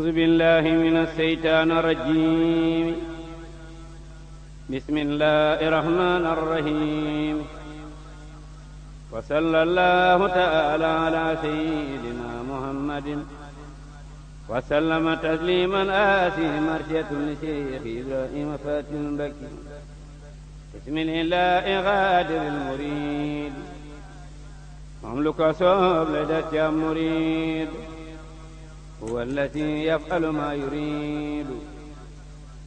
أعوذ بالله من الشيطان الرجيم بسم الله الرحمن الرحيم وصلى الله تعالى على سيدنا محمد وسلم تسليما آسي مرجة لشيخ إبراهيم فاتح بكي بسم الله غادر المريد مملك صوب لدى مريد هو الذي يفعل ما يريد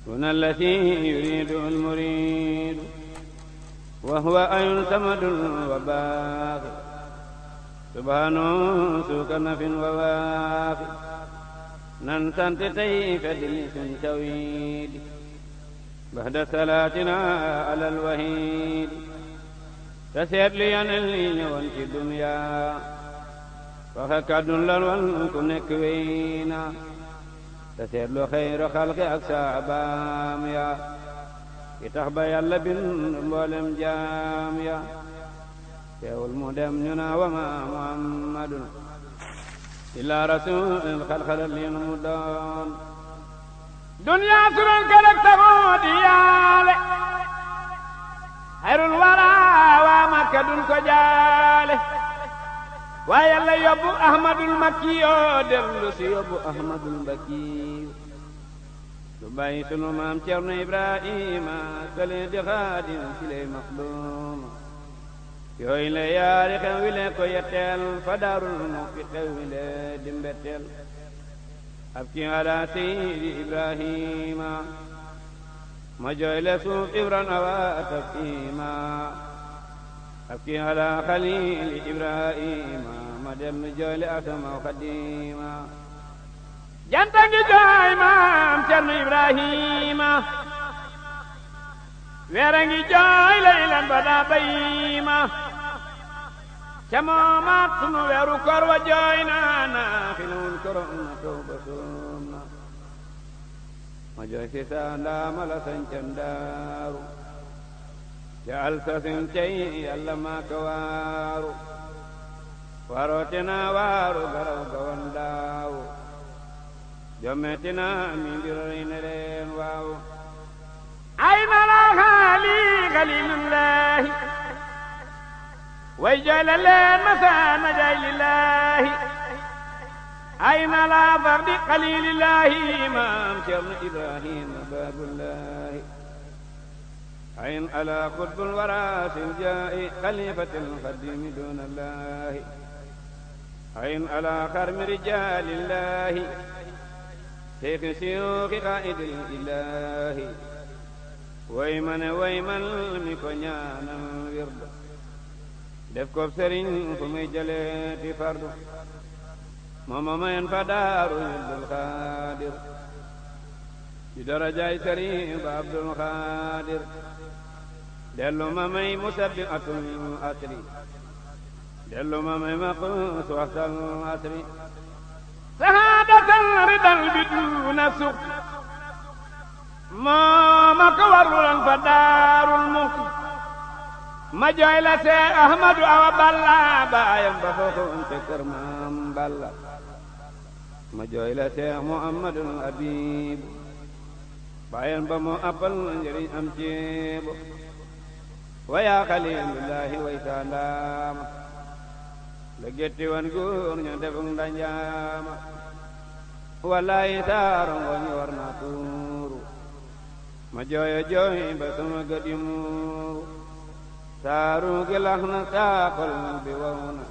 هنا الذي يريد المريد وهو أي ثمد وباغ سبحانه سوك نف وواق ننسان تتي فدل تويد بعد صلاتنا على الوحيد تسير لي عن الدنيا waxe kàddun lalwal ku nekk wéy na te seetlu xayru xalqi ak saabaam ya ki tax ba yàlla bind mboolem jaam ya teewul mu dem ñu na wa ma muhammadun illa rasul xalxalal lin mu doon dunya suran kalak taxoo di yaale xayrul wara waa makka dun ko jaale waaye yàlla yóbbu ahmadul makki yoo dellu si yóbbu ahmadul mbakki lu bàyyi sunu maam cerno ibrahima kële di xaadim si lay maxduma yaari xew wi ko yetteel fa daarul mu fi xew wi le di ki ala seydi ibrahima ma jooy le suuf ibran awa tafima أبكي على خليل إبراهيم ما دم جول أسمى قديما جنتك جاي مام تن إبراهيم weerangi jooy laylan ba daa bayiima ca moomaat sunu weeru kor wa jooy naa naa xilawul korom na taw ba soom na ma jooy si saa ndaama la sañ ca ci alsasin cay yàlla maa ka waaru waroote naa waaru garaw gawan daaw jommete naa mi mbirorey ne leen waaw ay malaxaali xalilullaahi way jooyle leen masaana jaay lillaahi ay na laa far di xalilillaahi maam Cerno Ibrahima baabullaahi عين على قطب الورى في الجاء خليفة القديم دون الله عين على كرم رجال الله شيخ شيوخ قائد الإله ويمن ويمن mi ko ñaanal wird def ko sëriñ fu muy jëlee di fardu mooma mayen fa daaru Abdul Xaadir di darajaay sëriñ ba Abdul Xaadir dellu ma may musabbi atul asri asri sahaadatan ridal bi duuna suq ma ko warulan fa daarul mukk ma jooy la seex awa balla baayam ba fookoon te kër balla ma jooy la seex muhammadul abibu baayam ba moo appal njëriñ am ceebo wa yaa xalilullahi way saandaama la gétti wan góor ña defug ndanjaama wallahi taaron wa ñu war tuuru ma jooyo jooy ba sama gët muuru taaru gi na saa bi wow na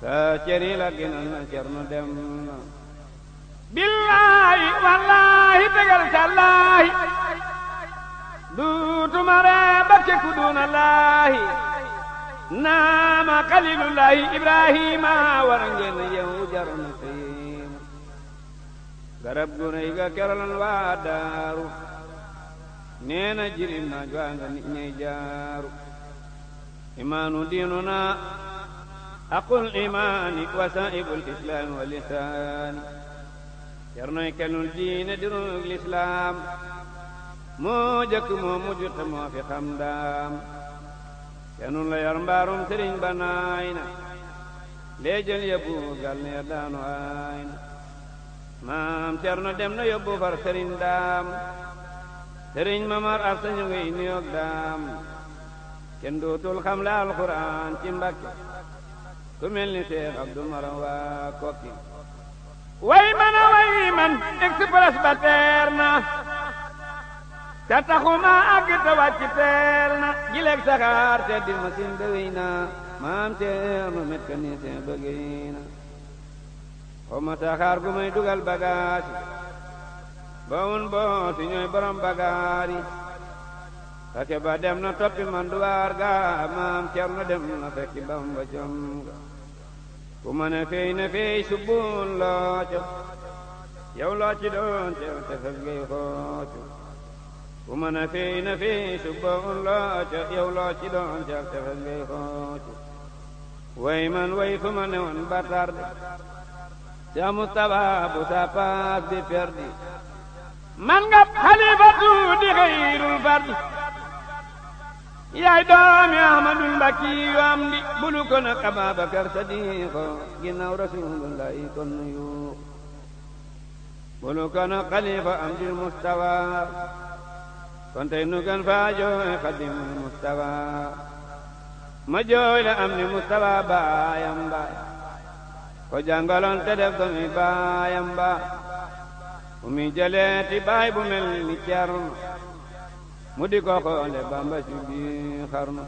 saa la ginal na cer nu dem na billaahi wallaahi tegal sallaahi duutuma ree bakke ku duuna laahi naama xalilullaahi ibrahima war a ngeen yow garab gu rëy ga kerolan waa daaru nee jirim naaj waa nga nit ñey jaaru imaanu diinuna aqul imaani wasaa'ibul islaami wa lisaani yarnoy kenul diine dirug lislaam moo jëkk moo mujj te moo fi xam daam kenun yor mbaarum sëriñ ba naay na lee gal ne daanu aay na maam cerno dem na yóbbu far sëriñ daam sëriñ mamar ab sañu ngiy nuyoog daam kenn dootul xam la alxuraan ci mbakke ku mel ni seex abdul maram waa kokki way man a way man express ba teer na te taxuma àgg te wàcc na jileeg saxaar te masin ba wéy na maam teernu mécanicien ba géy na xawma taxaar gu may dugal bagaasi bawun booti ñooy borom bagaar yi sake ba dem na toppi manduwaar ga maam teernu dem na fekki bamba com ga ku ma ne fey ne fey subbuun looco yow loo doon teew te fef gay xooco ku mën a fey na fey suba un loo ca yow loo ci doon ca tefes ngay xooc way man way fu ma ne woon ba tarde ca Mustafa bu sa paas di perdi man nga xalifatu di xayrul fardi yaay doomi Ahmadul Mbakki yu am di bulu ko nag Ababakar Sadiqo ginnaaw Rasulullahi kon nuyu bulu ko nag xalifa am di Mustafa kon tey nu gën faa jooy e xadimul mustafa ma jooy la am ni mustafa baayam ba ko jàngaloon te def ko mi baayam ba bu mi ti baay bu mel ni Ceerno mu di ko xoole bamba ci biir xarnu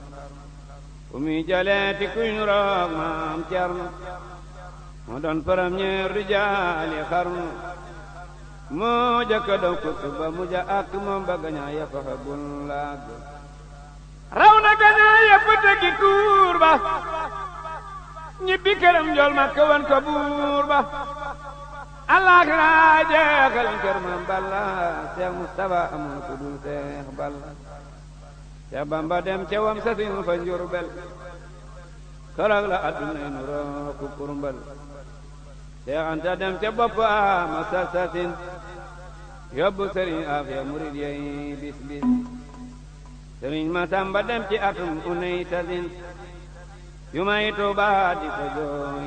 bu mi jëlee ti kuñ roog maam Ceerno mu doon premier rijaali xarnu moo jëkk daw kuttu ba mujj ak moom ba gañaa ya fa xabul laag raw na gañaa ya fa tegi ba ñibbi këram njool ma këwan ko buur ba alaaxira jeexal kër maam balla seex Mustafa amul ku dul seex balla seex bamba dem ca wam sasin fa njurbel kërag la adduna yi nu rooku kurmbal seexanta dem ca boppaama sarsasin yóbbu sëriñ afiya murid yey bis bis sëriñ Masamba dem ci atum unay tasin yu may di ko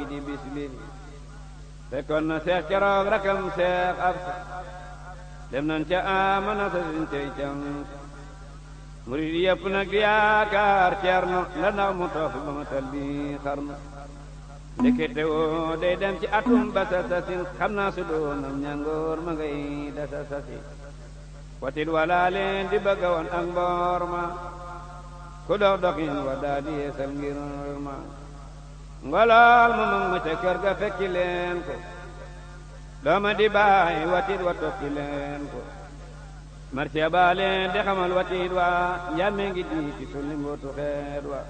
di bis bis fekkoon na seex keroog rakam seex absa dem nan ca amana sasin tey cam murid yëpp nag di yaakaar ceerno la ndax mu toofi ba ma tal bi xarnu ndekete woo day dem ci atum ba sasasin xam naa su doonam ñangoor ma ngay da sasasi watin walaa leen di bëgga woon ak mboor ma ku dox doxin wa daa di ngir ma ngolaal mu ma ca kër ga fekki leen ko dooma di baay watit wa tokki leen ko marsiya baa leen di xamal watit wa njamme ngi di ci sulli mbootu wa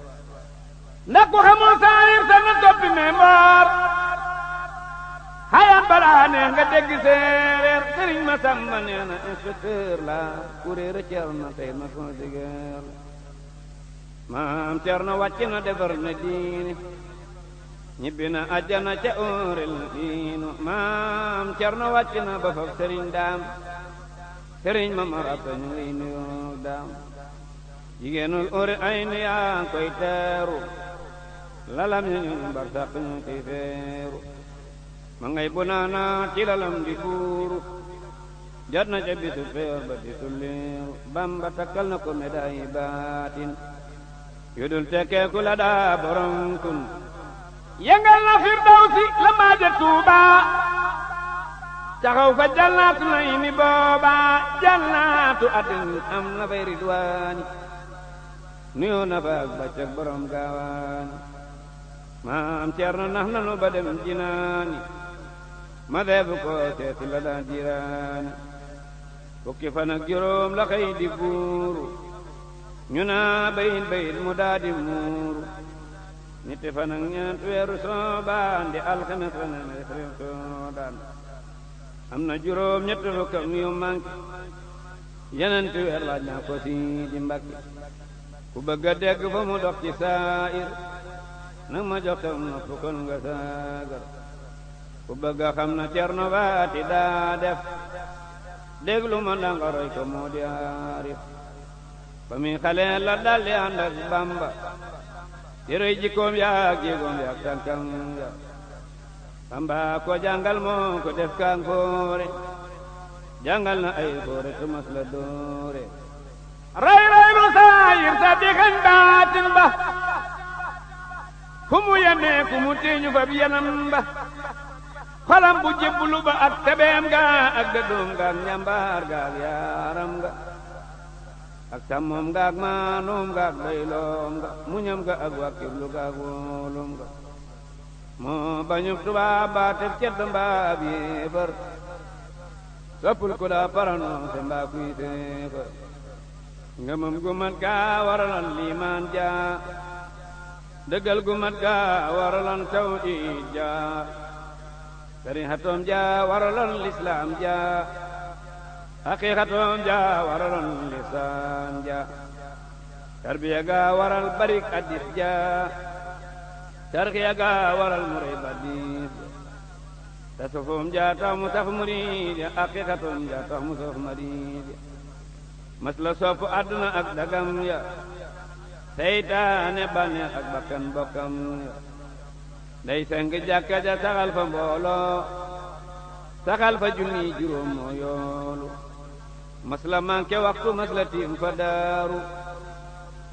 ndax ku xamoo saayir na toppi membar xayaat balaa neex nga dégg séeréer sëriñ ma sàmba nee na inspecteur cer na tey ma son digéer maam cer na wàcc na defar na diini ñibbi na ajjana ca óorel diinu maam cer na wàcc na ba faf daam sëriñ ma marata ñu ngiy daam jigéenul óore ay yaa koy teeru lalam ya ñun barsàq ñoo ciy feeru ma ngay bu naana ci lalam di fuuru jot na ca bisu feer ba di tulliiru bamba takkal na ko médaay yi baatin yu dul tekkeeku la daa borom kun yëngal na firdawsi la maaja tuubaa taxaw fa jannaatu nay mi boobaa jannaatu atin am na fay ridwaani nuyoo na fa ak bàccak borom gaawaani maam Cerno nax nanu ba dem jinaani ma deebu ko seeti la daan fukki fan juróom la di buuru ñu naa bayit bayit mu daa di muuru ñetti fan ak ñeent weeru soobaan di alxames la nene refreen am na juróom ñetti fukk ak yu manki yenenti weer laaj naa ko mbakki ku bëgg a fa mu dox ci na ma joxel noppu kon nga saagar ku bëgga xam na cerno baati daa def déglu ma danga ko moo di aarif ba la daldi ànd ak bamba yërëy jikkoom yaak jéegoom yaak tànkam ya bamba ko jàngal moo ko def kaan foore jàngal na ay foore tumas la doore ray ray ma saayir sa di xañ baatin ba fu mu yenee ku mu téeñu fab yanam ba xolam bu jébbalu ba ak tebeem ga ak dëddoom ga ñambaar ga yaaram ga ak sàmmoom ga ak maanoom ga ak doyloom ga ak wàkkiblu ga ak wóolum ga moo bañub tubaab baa tef cedd mbaa yéefar soppul ku daa paranoon se mbaa kuy séefar ngëmëm kaa waralan liimaan jaa dëggal gu mat ga waraloon tawxiid ja sarihatoom ja waraloon lislaam ja haqiqatoom ja waraloon lisaan ja tarbiya ga waral barik addis ja tarxiya ga waral muray badis tasufum ja tax mu saf murid ya haqiqatoom ja tax mu saf murid ya mas la sopp àdduna ak dagam ya seytaane bànneex ak bakkan bokkam day seng jàkka ja saxal fa mbooloo saxal fa junni juróom moo yoolu mas la waxtu mas tiim fa daaru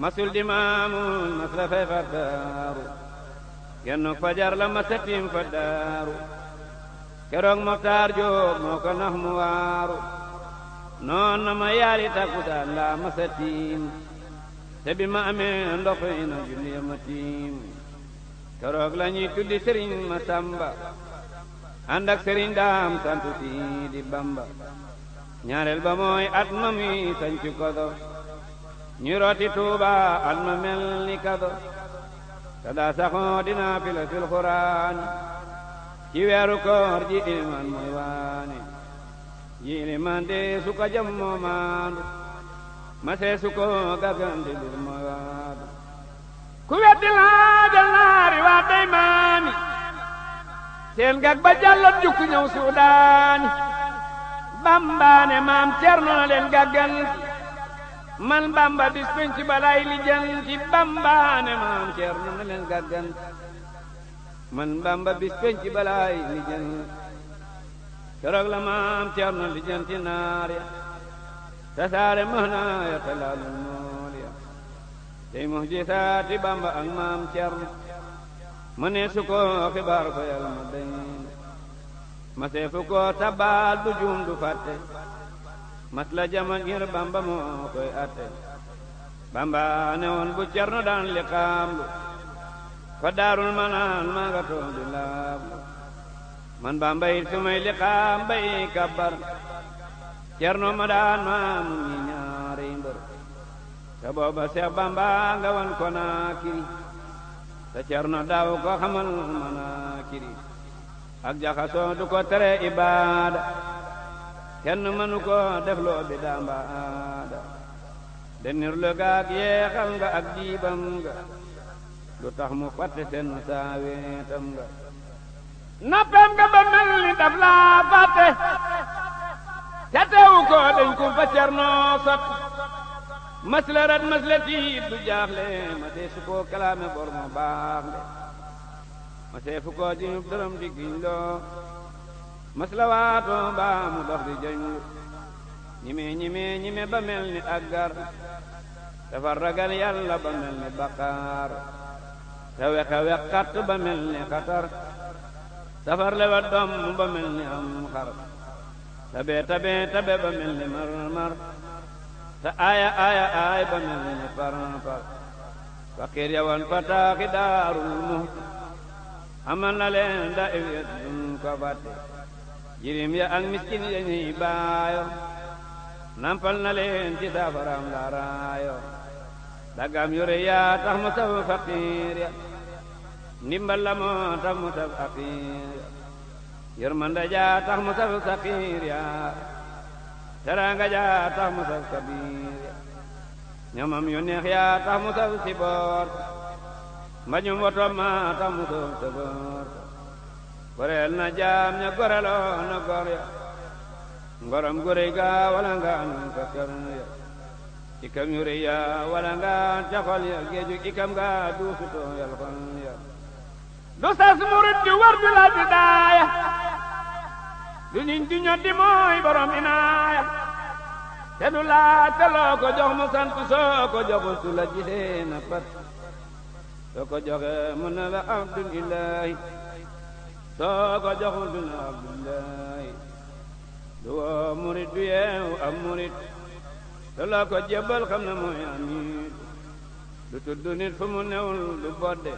masul di maamul mas la fay fa daaru gennook fajar la mas la tiim fa daaru keroog moxtaar jóob moo ko nax mu waaru noon na ma yaali takkusaan la mas la tiim te bi ma amee ndoxoy na julli ma tiim keroog la ñuy tuddi sëriñ ma sàmba ànd sëriñ daam sant si di bamba ñaareel ba mooy at ma muy sañcu kodo ñu tuuba at ma mel ni kado te daa dinaa fi la ci weeru koor ji ilimaan mooy waane ji ilimaan de suka moo maandu ma seesu ko gàgganti bir ma waadu ku weddi laajal naari waa day maami seen gag ba jàllot jukku ñëw suudaani bambaane maam cerno na leen gàgganti man bamba bis balaay lijanti bambaane maam cerno na leen gàgganti man bamba bis balaay lijanti keroog la maam cerno lijanti naar ya tasaare mënaa ya talaalul noor ya tey muhjisaati bamba ak maam cer më ne su ko xibaar ko yàlla ma dañ ko tabaal du juum du fàtte mas la jama ngir bamba moo koy atte bamba ne bu cer no daan li xaamlu fa daarul manaan maa nga toog di laablu man bamba yit su may li xaam bay kabbar cerno ma daan maamu ñi ñaari mbër te booba Seex Bamba nga wan ko naa kiri te daaw ko xamal ma naa ak jaxasoo du ko tere ibaada kenn mënu ko def loo bi daambaada denir lu gaag yeexal nga ak jiibam nga lu tax mu fàtte seen saaweetam nga noppem nga ba mel ni daf laa fàtte te teewu ko dañ ko fa cernoo sat masla rat masla tiit du jaaxle ma dee su kalaame bor baax de ma see fu koo jiñub dërëm di giñ loo masla waatoo baa mu di jañu ñime ñime ñime ba mel ni aggar dafa ragal yàlla ba mel ni baqaar te wexe wexat ba mel ni xatar safar lewet doom ba mel ni am xar tabe tabe tabe ba mel ni marmar ta aya aya ay mel ni parpar fakir wan fataaki daarul muhti amal na leen da iw ya ko fàtte jirim ak miskin ya ñuy baayo nampal na leen ci saafaram laaraayo dagam yore yaa tax mu sab fakir ndimbal la moo tax mu sab aqiir yërmande ja tax mu saf saqiir ya teraanga ja tax mu saf kabiir ya ñamam yu neex ya tax mu saf siboor mbañum woto ma tax mu saf saboor goreel na jaam ña goreeloo na gor ya ngorom gurey ga wala nga anum ka ya ikam yu rëy ya wala nga jaxol ya géeju ikam ga duusutoo yal ya du sas murit di war di la di lu ñu di ñoddi mooy borom inaaya te du laajte loo ko jox mu sant soo ko joxul su la gisee soo ko joxee mu ne la abdulilahi soo ko joxul du na abdulilahi du woo murit du yeewu am murit te loo ko jébbal xam ne mooy amit du tudd mu newul gëdde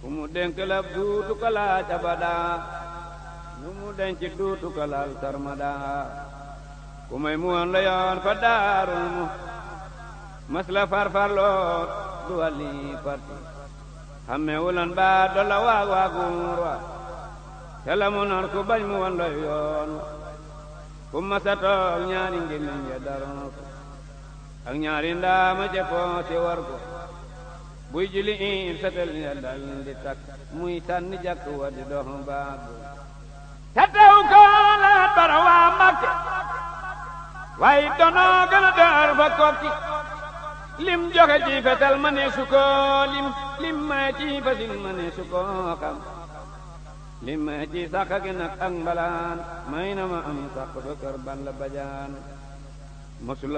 ku mu dénk lab duutu ko laaj abada mu denc duutu ko laal sarmada ku mu woon la fa daarul mas la farfarloo du wàlli parti wulan baa dolla waag waaguur wa te mu nar ku bañ mu woon la wa ku masa toog ñaari ngémmiñ ya daroon ko ak ñaari ndaama jëfoo te war ko buy julli in fetel ya dal takk muy tànn jàkk wa di dox baabu te tew ko la bar waa Màkke waaye donoo gën a door fa kokki lim joxe ci fetel ma ne su lim lim ma ci fasin ma ne su ko xam lim ma ci sàq gi nag ak may na ma am sàq ba kër ban la bajaan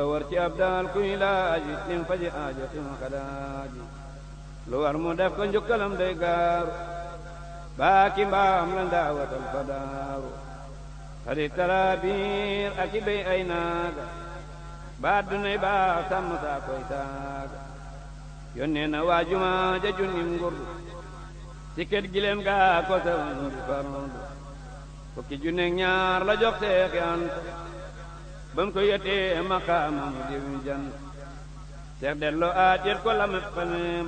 war ci ab daal kuy laaji lim faji aajo sim xadaaji lu war mu def ko njukkalam day gaaru baaki mbaam la ndaawatal fa daaru xadi taraabiir ak i béy ay naaga baat dunay baax sàmm saa koy saaga yónnee na waa juma ja junnim ngurdu si kët gileem gaa ko sawan di fardu fukki junneeg ñaar la jox seexi ant ba mu ko yettee maqaama mu diw jant seex delloo aajir ko la met faneem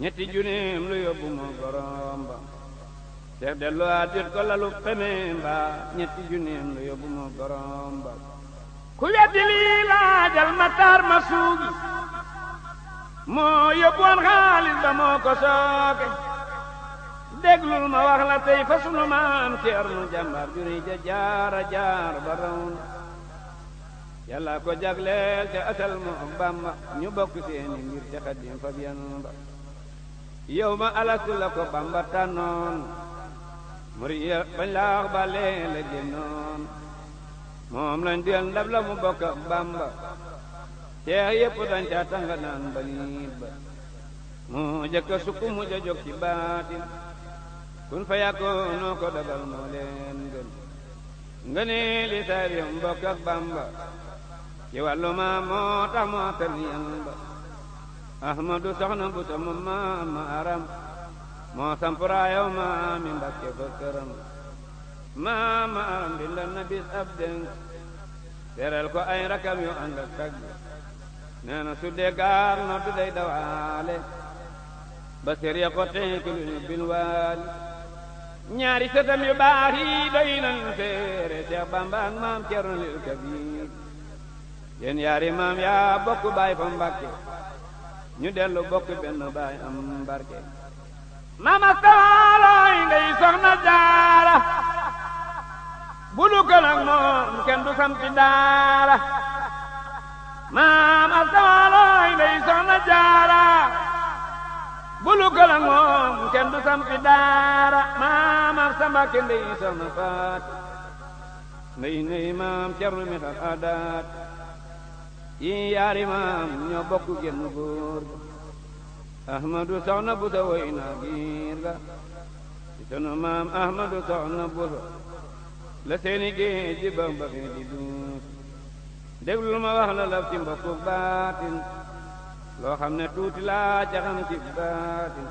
ñetti juneem lu yóbbu moo borom ba te delluwaatit ko lalu pemeem ba ñetti juneem lu yóbbu moo borom ba ku weddi lii laajal mataar ma suugi moo yóbbuwoon xaalis ba moo ko sooke déglul ma wax fa sunu maam Ceerno jàmbaar juri jaara jaar ba raw na yàlla ko jagleel te asal mu Bàmba ñu bokk seeni ngir te fa biyan ba yow ma alaku ko bamba tànnoon muri ya bañ laa wax ba lee la moom lañ ndab la mu bokk bamba ceex yépp dañ caa tanga naan ba niit ba mu jëkk a sukk mu jojog ci kun fa yàkkoo noo ko dabal moo leen gën ngënee li saar yom bokk ak bamba ci wàllu ma moo tax moo tan yan ba ahmadu soxna bu ta moom maama aram moo sampuraayow maami mbakke fa këram maama aram bindal na bis ab dénk ko ay rakam yu ànd ak tagg nee na gaar na du day dawaale ba sér ya ko teeki lu ñu bil waali ñaari sëtam yu baax yi doy nañ seere Cheikh Bamba ak maam Cerno Lil Kabiir yéen yaari maam yaa bokk baay fa Mbakke ñu dellu bokk benn baay am barke mama saalooy ngay soxna jaara bu dukkal moom kenn sampi daara mama saalooy ngay soxna jaara bu dukkal moom kenn sampi daara mama sambake ndey soxna faat ndey ney maam cerru mi xar aadaat yi yaari maam ñoo bokk genn góor ga ahmadu soxna busa woy na giir ga ci sunu maam ahmadu soxna busa la seeni géej ji bam ba fee di duus déglul ma wax la laf ci mbokku baatin loo xam ne tuuti laa ca xam ci baatin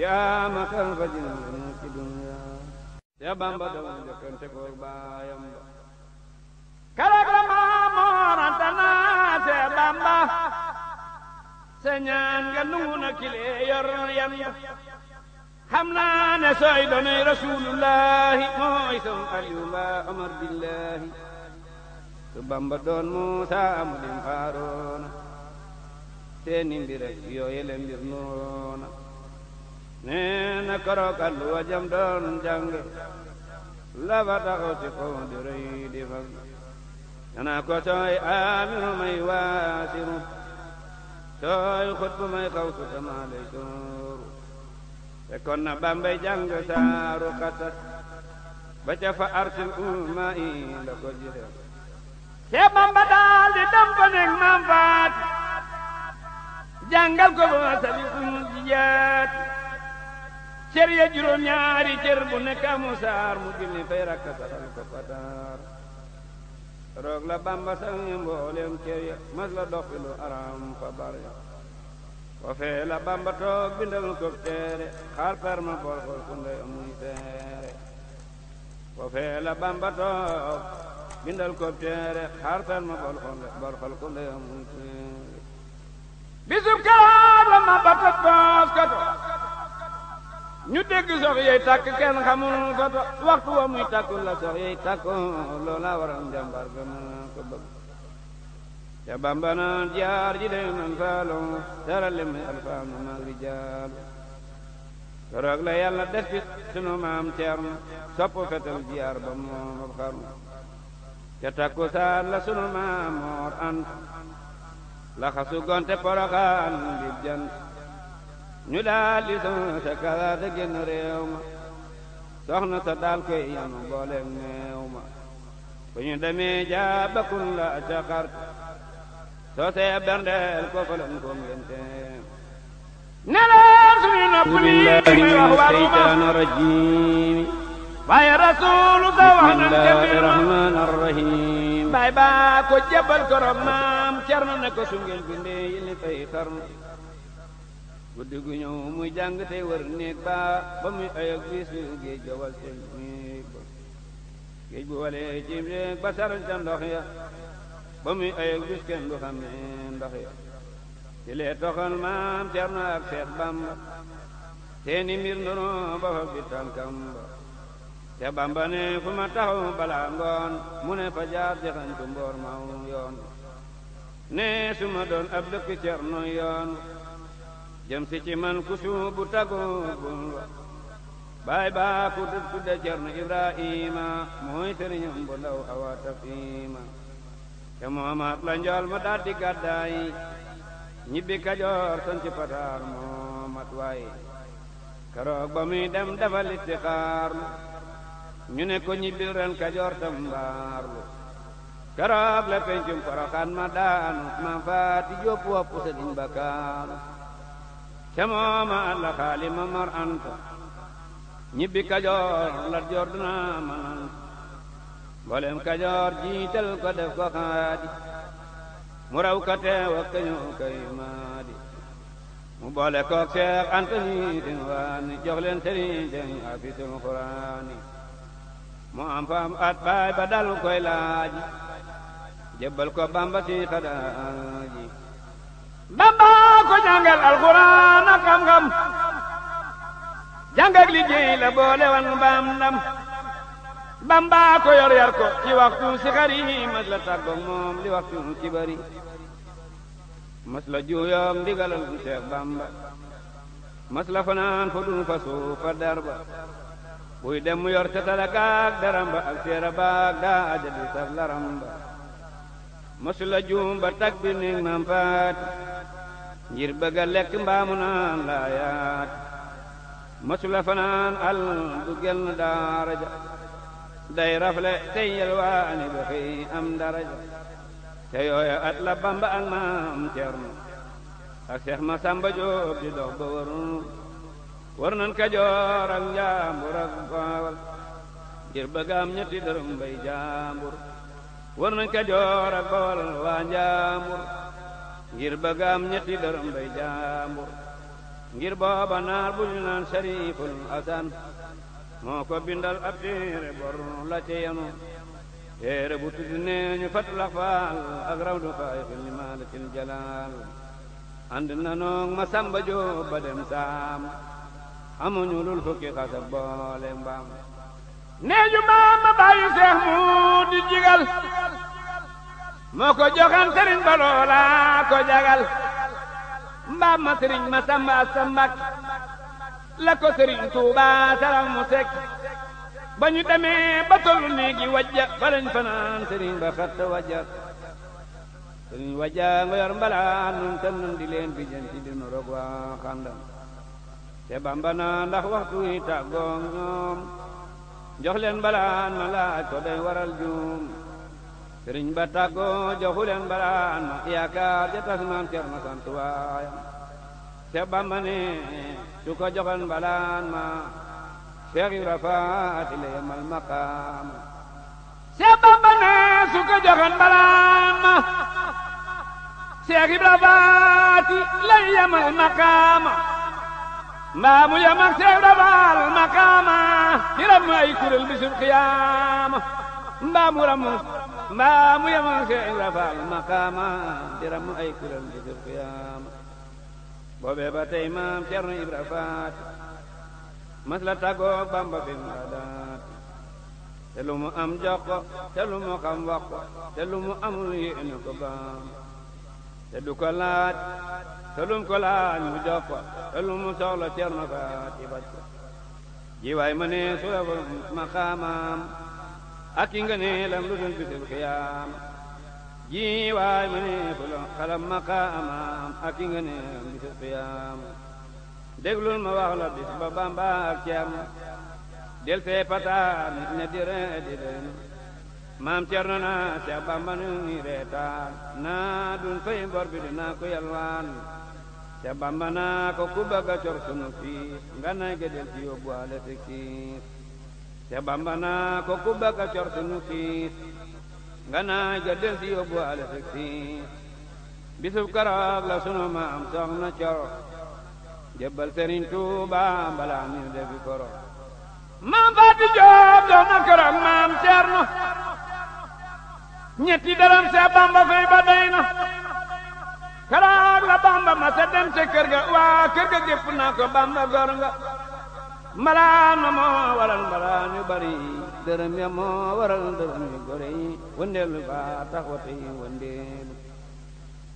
yaa ma kan fa jina ci dunya ya bamba doon jëkkante ko baayam ba kala kala Bamba sa ñaan na kilee yor yan xam naa ne mooy son Aliou mbaa Omar billahi su Bamba doon Muusaa mu dem faaroona seeni mbir ak yooyele noona nee na koroog alluwa doon jàng la fa taxaw ci kaw di rëy di fag dana ko tooy aamiru waasiru tooy xutbu may xawsu dama dooru fekkoon na bambay jàng saaru xasas ba ca fa arsil umma yi ko jëlee te bamba daal di dem nekk maam faat jàngal ko ba sabi um jiyaat cër ya juróom ñaari cër bu nekk amu saar mu julli fay rakka saxal ko fa roog la bamba sangi mboolem cër ya mas la doppi lu araam fa bar la bamba toog bindal ko teere xaar perma bool xool ku ndey amuy teere foo la bamba toog bindal ko teere xaar perma bool xool ku ndey teere bisub kaar la ma batat baas kato ñu dégg sox yey tàkk kenn xamul ko waxtu wa muy la sox yey tàkku loola waral njàmbar gën a ko bëgg te bamba na ji day man faalo dara lemme alfaanu mag rijaal roog la yàlla def ci sunu maam ceerno sopp fetal jiyaar ba moom ab xarnu te takku la sunu maam moor ant la xasu gonte poroxaan bi jant ñu daal di sonn sa kala te génn réew ma soxna sa daal koy yanu booleeg meew ma bu ñu demee jaa bakkun la ca xart soo see ko falen koom ngente neleen suñu nopp lii may wax waruma waaye rasuulu sa wax nan jëfir ma baay baa ko jëbal korom maam cerno ko su ngeen bindee yi li tey guddi gu ñëw muy jàng tey wër néeg ba ba muy ayak fii su géej ba wal ba géej bu walee ci néeg ba saruñ ca ba muy ayak bis kenn du xam ne ndox toxal maam Cerno ak Seex Bamba seeni mbir ndono ba fa bittal kam te Bamba ne fu ma taxaw mu ne fa jaar jaxantu mboor maw yoon ne su doon ab dëkk Cerno yoon jëm si ci man ku suubu tagoo wa baay baa ku dut tudde Cerno Ibrahima mooy sëriñam bu ndaw awa tafiima te moomaat la njool ma daldi gàddaay ñibbi Kajoor sanci Pataar moomat waay keroog ba muy dem dafa listixaarlu ñu ne ko ñibbil ren Kajoor tam mbaarlu keroog la pencum Poroxaan ma daanu ma faati jóopu woppu sëriñ Bakaaru ca mooma alla xaali ma anta ñibbi kajoor la joor du naa mananta mboolem kajoor jiital ko def ko xaadi mu raw ka teew ak maadi mu boole koog seex anta ñii den waani jox leen sëriñ den afisul xuraani mu am faam at baay ba dal koy laaji jébbal ko bamba si xadaaji bamba ko jàngal alxuraan xam-xam jàng ak liggéey la boole wan mbaam ndam bamba yor yar ko ci waxtu si xar yi mas la moom li waxtu ci bari mas la juuyoog ndigalal bu Seex bamba mas la fanaan fa dun fa darba buy dem mu yor ca talakaak daramba ak seera baak daa ajadu saf laramba mësula juum ba tag bi maam faat ngir bëgg a lekk mbaamu naan laayaat mësula fanaan àll du genn daaraja day rafle tey yelwaani ba xëy am daraja te at la bamba ak maam Cerno ak Seex Masamba Jóob di dox ba wër war nan Kajoor ak baawal ngir bëgg am ñetti dërëm jaambur war nañ Kajoor ak Bawol waa njaambur ngir bëgg am ñetti dërëm bay jaambur ngir booba naar bu naan Sariiful Asan moo ko bindal ab bor la yenu téere bu tuddi nee ñu fat la faal ak rawdu faayixil ni maalatil jalaal na noog ma samba ba dem saam amuñu lul fukki xasab boole nee ñu maam ma bàyyi seex mu di jigal moo ko joxan sëriñ ba loola ko jagal mbaam ma sëriñ ma samba sambak la ko sëriñ tuuba saral mu sek ba ñu demee ba tollu néegi wajja fa fanaan sëriñ ba xatt wajja sëriñ wajja nga yor mbalaan nun tam di leen fi jënti di nu roog waa xandam te bamba na ndax waxtu yi tàggoo ñoom jox leen balaan ma laaj ko waral juum sëriñ ba tàggoo joxu balaan ma yaakaar ja tas cer na sant waayam Seex Bamba ne su ko balaan ma Seex Ibra Faati la yemal maqaam Bamba ne su ko balaan ma Seex Ibra Faati la yemal mbaa mu yem ak seew dafaal makaama di ay kuréel bisub xiyaama mbaa mu ram mbaa mu yem ak seew dafaal makaama di ram ay kuréel bisub xiyaama boobee ba tey maam Cerno Ibra Faat mas la tàggoog Bamba bi mu am jox ko te lu mu xam wax ko te te du ko laaj ko laaj mu jox ko te lu mu soxla cer ko ci baj ko ji waay ma ne su ak yi nga ne lam lu dul ji waay ma ne su lo xalam maqaamaam ak yi nga ne lam bisul xiyaam ma wax la bis ba bamba ak ceerno del fee nit ña di ree di maam cerno na Seex Bamba nu ngi reetaan naa dun fay bor bi dinaa ko yalwaan Bamba naa ko ku bëgg cor sunu fii nga nay ga del ci yóbbu ale si kiis Bamba naa ko ku bëgg cor sunu kiis nga nay ga del ci yóbbu ale si bisub karoog la sunu maam soxna cor jébbal Sëriñ Tuuba mbalaa mi defi koro maam Faati Joob soxna keroog maam cerno ñetti daram sa bamba fay ba day na la bamba ma sa dem ca kër ga gépp naa ko bamba gor nga mbalaan ma moo waral mbalaan yu bari dërëm ya moo waral dërëm yu gore yi ba tax yi wëndeelu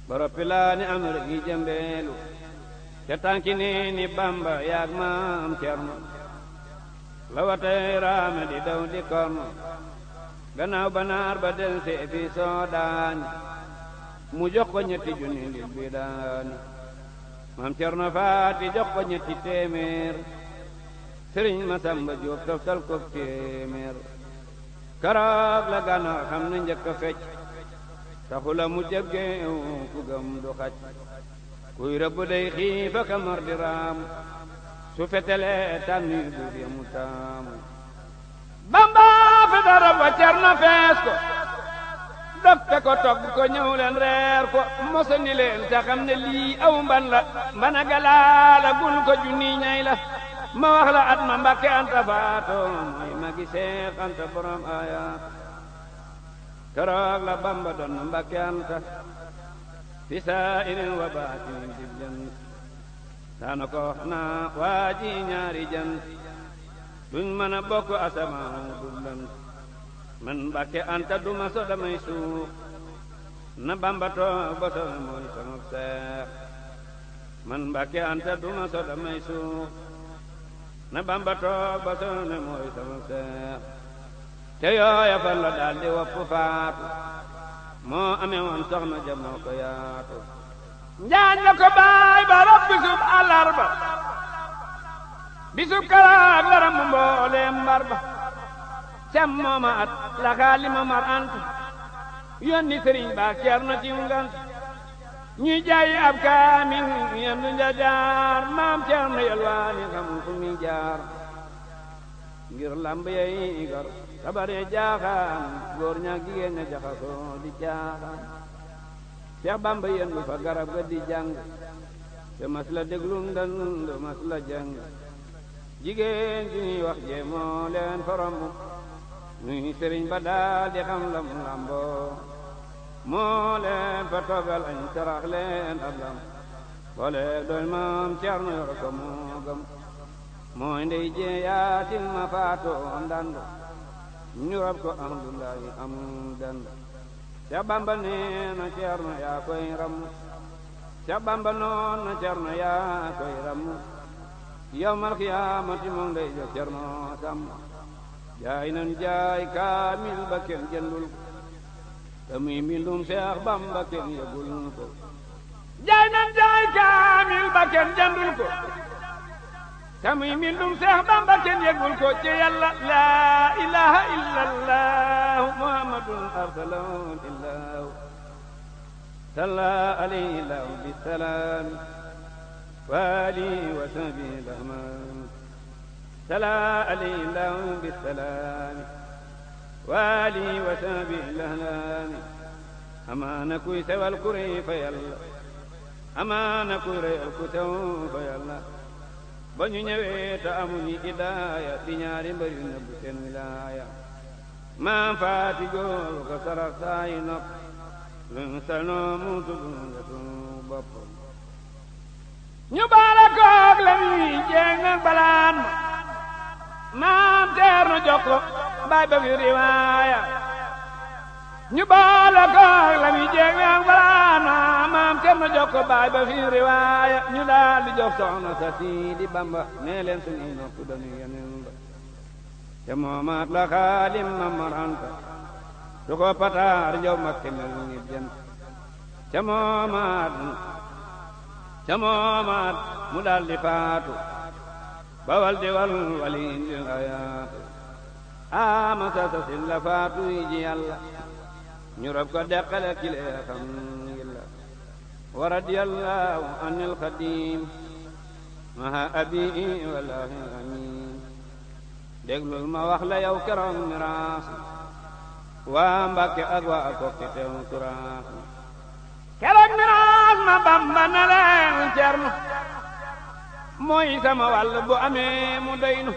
boro pilaani am rëgi jëmbeelu ca tànki ni bamba yaag maam cerno la watay raame di daw di korno gannaaw ba naar ba del see fi mu jox ko ñetti junni ngir bi daan maam Cerno Faati jox ko ñetti téeméer sëriñ Masamba Jóob toftal ko téeméer karoog la gannaaw xam ne njëkk a fecc taxu la mu jëggeew ku gëm du xaj kuy rëbb day xiifa kamar di su fetele tànni du taamu bamba fi dara ba cer na fees ko dafte ko togg ko ñëw reer ko mosandi leen te ne lii aw mban la mbana galaa la ko junni ñay ma wax la at anta faatoo mooy magi seex borom ayaat keroog la bamba doon na anta fi saa'irin wa baatin dib jan ko wax naa waa jan ma duñ mën a bokk asamaan dul lënd man anta duma so damay suux na bamba toog ba sona mooy sama seex man mbàkke anta duma so damay suux na bamba toog ba sona mooy sama seex te yooya fal la daal di wopp faatu moo amee woon soxna ko yaatu njaañ la ko baay ba rabbi sub alarba bisub kalaak la ramb mbooleem mbar ba cam mooma at la xaalima mar ant yónni sëriñ baa ceer na ci ngant ñuy jaay ab kaamil yem du njajaar maam ceer na yelwaani xamul fu muy jaar ngir lamb yey gar sabare jaaxaan góor ñaak jigéen ña jaxasoo di jaaxaan Seex Bamba yendu fa garab ga di jàng te mas la déglum dan mas jigéen juñuy wax jéemoo leen forom muy sëriñ ba daal di xam lam lamboo moo leen fa toogal añ sarax leen ab lam booleeg doon maam Cerno yor ko moo gëm mooy ndey jee yaasin ma faatoo ndandu ñu rab ko alhamdulilahi amul dend ca bamba nee na Cerno yaa koy ram ca bamba noon na Cerno yaa koy ram yawmal xiyaamati moom day jox cerno sàmm jaay jaay kaamil ba kenn jëndul ko te muy mbindum Seex Bamba kenn jaay kaamil ba kenn jëndul ko te muy mbindum Seex Bamba kenn salla alayhi bi salaam والي وسبي الأمان سلا علي الله بالسلام والي وسبي الأهلام أما نكوي سوى الكري فيلا أما نكوي ري الكتو فيلا ba ñu ñëwee te amuñu idaaya di ñaari mbër yu nëbb wilaaya maam faati góor ko sarax saa yi nopp luñ salnoo mu nga sunu bopp ñu baala koog la ñuy jéeg nag balaan maam teer na jox baay ba fi riwaaya ñu baala koog la ñuy jéeg nag balaan maam teer na jox baay ba fi riwaaya ñu daal di jox soxna sa si di bamba nee leen suñuy nopp dañuy yeneen ba te moomaat la xaalim ma maranta su ko pataar njaw ma kemel ni jant te moomaat ca moomaat mu daldi faatu bawal di wal waliin di xayaatu aama sa sasin la faatu yi ñu rob ko deqale kilee xam ngilla wa radiyallaahu anil xadiim maha abii wallaahi amiin déglul ma wax la yow keroog miraas waa mbàkke ak waa kokki teew turaas keroog miraas man ma Bamba ne leen Cerno mooy sama wàll bu amee mu doy nu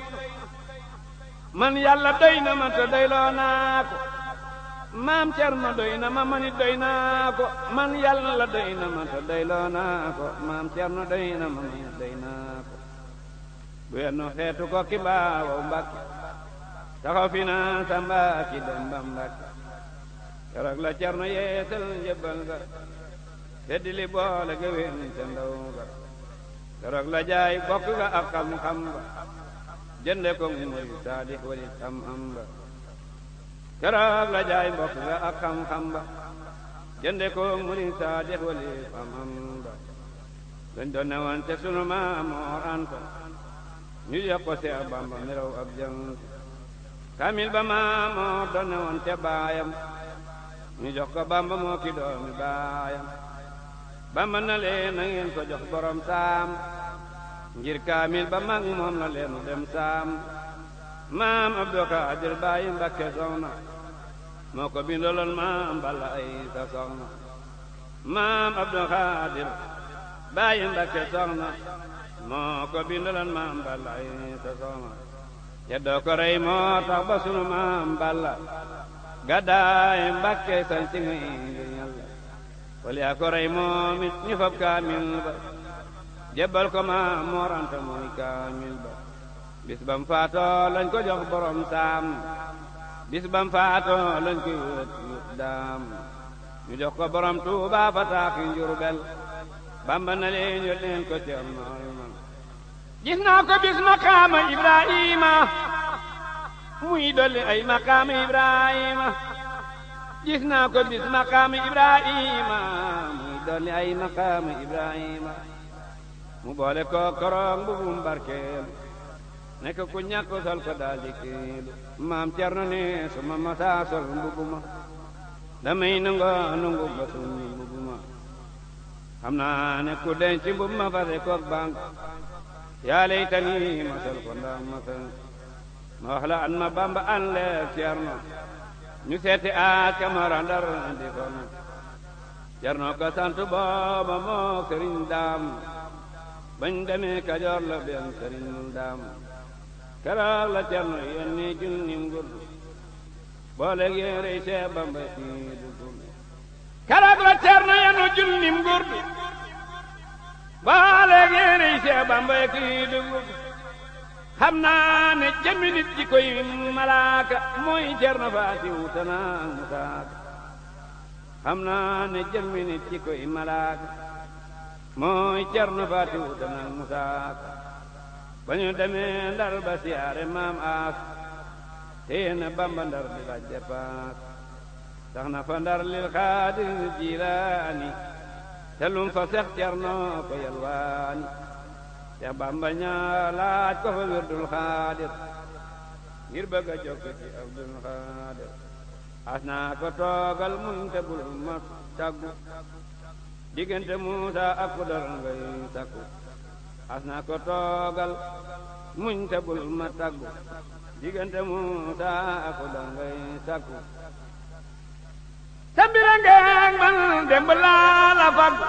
man yàlla doy na ma te doyloo naa ko maam Cerno doy na ma manit doy naa ko man yàlla la doy na ma te doyloo naa ko maam Cerno doy na ma manit doy naa ko guyennu xeetu ko ki baawaw Mbàkke taxaw fi naa sa Mbàkke dem ba Mbàkke keroog la Cerno yeesal njëbbal ga seddi li boole géwél ca ga keroog la jaay bokk ga ak xam-xam ba ko muy saadix walit am-am ba keroog la jaay bokk ga ak xam-xam ba ko muy saadix walit am-am ba dañ doon newoon te sunu maam Anta ñu jox ko Seex Bamba mi raw ab jant kamil ba maam Moor doon newoon te baayam ñu jox Bamba moo ki doomi baayam ba mën na leen na ngeen ko jox borom saam ngir kaamil ba mag moom la leenu dem saam maam Abdou Khadir bàyyi Mbakke soxna moo ko bindaloon maam Balla ay sa soxna maam Abdou Khadir bàyyi Mbakke soxna moo ko bindaloon maam Balla ay sa soxna yeddoo ko rey moo tax ba sunu Balla gàddaay Mbakke sañ si ngay wala ko rey moom it fab kaamil ba jébbal ko ma mooranta mooy kaamil ba bis bam faatoo lañ ko jox borom saam bis bam faatoo lañ ko yët daam ñu jox ko borom tuuba fa taaxi njurbel bamba na leen yót ko ci ma gis naa ko bis maqaama ibrahima muy dolli ay maqaama ibrahima gis naa ko bis maqaama Ibrahima muy dolli ay maqaama Ibrahima mu boole ko korong bu barkeelu nekk ku ñàkk sol ko daal di kiilu maam Cerno ne su ma masaa sol mbubu ma damay nangoo ba suñu mbubu ma xam naa ne ku denc mbubu ma fase koog bank yaa lay tani ma sol ko ndax ma sa an ma Bamba an leer Cerno ñu seeti aaj kamara ndar di ko nag jarnoo ko sant booba moo sëriñ daam bañ demee kajoor la benn sëriñ daam keroog la cerno yónni junnim gudd boole géerey Seex Bamba sii du gumbe keroog la cerno yónni junnim gudd boole géerey Seex Bamba sii du gumbe xam naa ne jëmmi nit ji koy malaaka mooy Cerno Faatiw tanaa musaaka xam naa ne jëmmi nit ji koy malaaka mooy Cerno Faatiw tanaa musaaka ba ñu demee ndar ba siyaare maam aas tee bamba ndar di lajja paas tax na fa ndar lil xaadir jilaani te lum fa sex Cerno ko yalwaani Seex Bamba ñaa laaj ko fa wirdul xaadir ngir bëgg a jokk ci Abdul Xaadir as ko toogal mun bul ma tàggu diggante Muusa ak ku dara ngay sakku as naa ko toogal muñ te bul ma tàggu diggante Muusa ak ku dara ngay sakku sa man démb laa la fàggu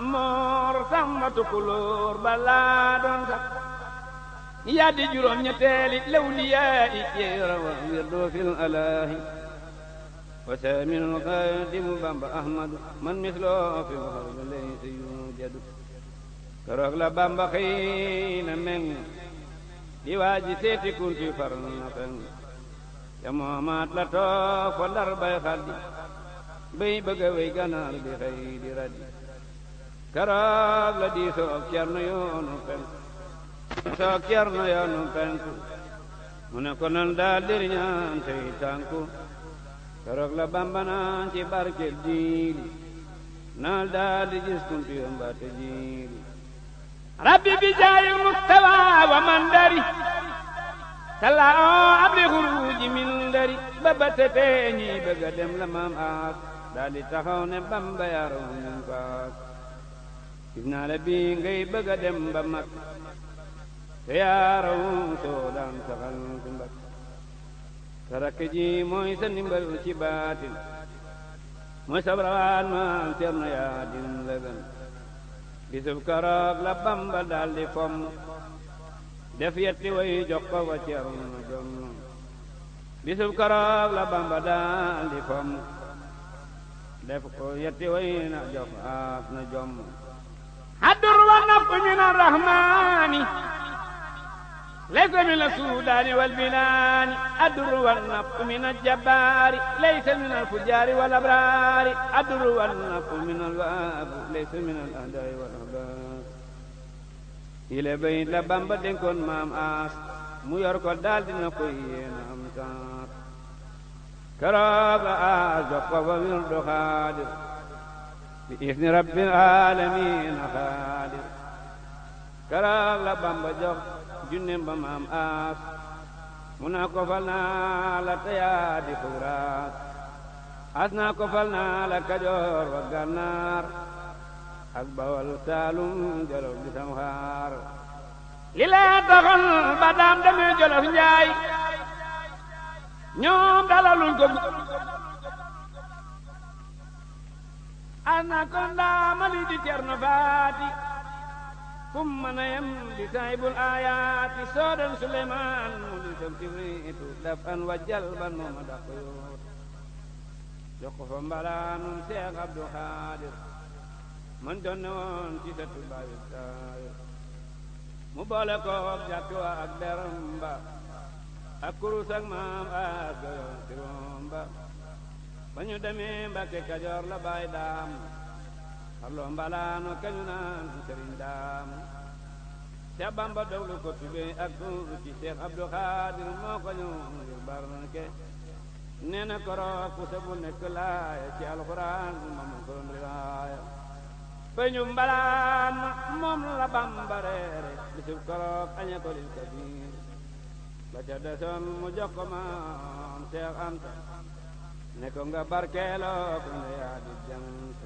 moor samba tukulóor balaa doon sax yaa di juróom ñetteeli lawliyaa yi yeera wa wirdoo fil alaahi wa saaminul xaadimu bamba ahmadu man misloo fil xawli laysa yujadu keroog la bamba xëy na meng di waaji seeti kunti far na feng ca moomaat la toog fa dar bay xaddi bay bëgga way ganaar bi xëy di raddi keroog la diisoo ak Cerno yoonu penku diisoo ak Cerno yoonu penku mu ne ko nan daal di ñaan tey tànku keroog la Bamba naan ci barke diili naal daal di gis kuntu jiili rabbi bi jaayil mustawa wa mandari talla oo oh, abli xuruuji min dari ba ba tete ñi bëgg dem la maam aas daal taxaw ne Bamba yaroon ñu paas gis naa la bii ngay bëgg a dem ba mag te yaaraw soo daan saxal ci mbag sa mooy sa ndimbal ci baatin mooy sa rawaan maam cer na yaa din la gën bisub karoog la bamba daal di fomm def yetti way jox wa cer na jom bisub karoog la bamba daal di fomm def yetti way na jox aas na jomm حدر والنفق من الرحمن ليس من السودان والبلاد الدر والنفق من الجبار ليس من الفجار والأبرار الدر والنفق من الواب ليس من الأعداء والأحباب إلى بيت la Bamba dénkoon maam aas mu yor ko daal dina ko yéena am taat keroog la aas jox ko ba wir du xaadir بإذن رب العالمين خالد karaal la bamba jox junneem ba maam aas mu naa ko fal naa la teyaa xuuraas as naa ko fal naa la kajoor wa gànnaar ak bawal saalum jolof di samxaar li ba daam demee jolof njaay ñoom dalaluñ ko ana kon daamali di Ceerno Faati kum mën a yem di saahibul aayaati soodan Suleymaan mu di sam tiwiitu daf an wa jalban mooma daq yoot jokk fa mbalaanum Seex Abdu Xaadir mën doon woon ci satu baayu taayir mu boole kook jàkkiwa ak deram ba ak kurus ak maam ak gayoon tiroom ba bañu ñu demee mbàkke kajoor la baay daam xarloo mbalaano kañu naan sëriñ daam Seex Bamba doglu ko tubee ak ci Seex Abdu Xaadir moo ko ngir barke nee na koroog ku nekk laaya ci alxuraan ma mu ndi laaya peñu mbalaan moom la Bamba reere bisub koroog añe ko lil kabiir ca desoon mu jox ko maam Seex Anta ne ko nga barkeeloo ko yaa di jant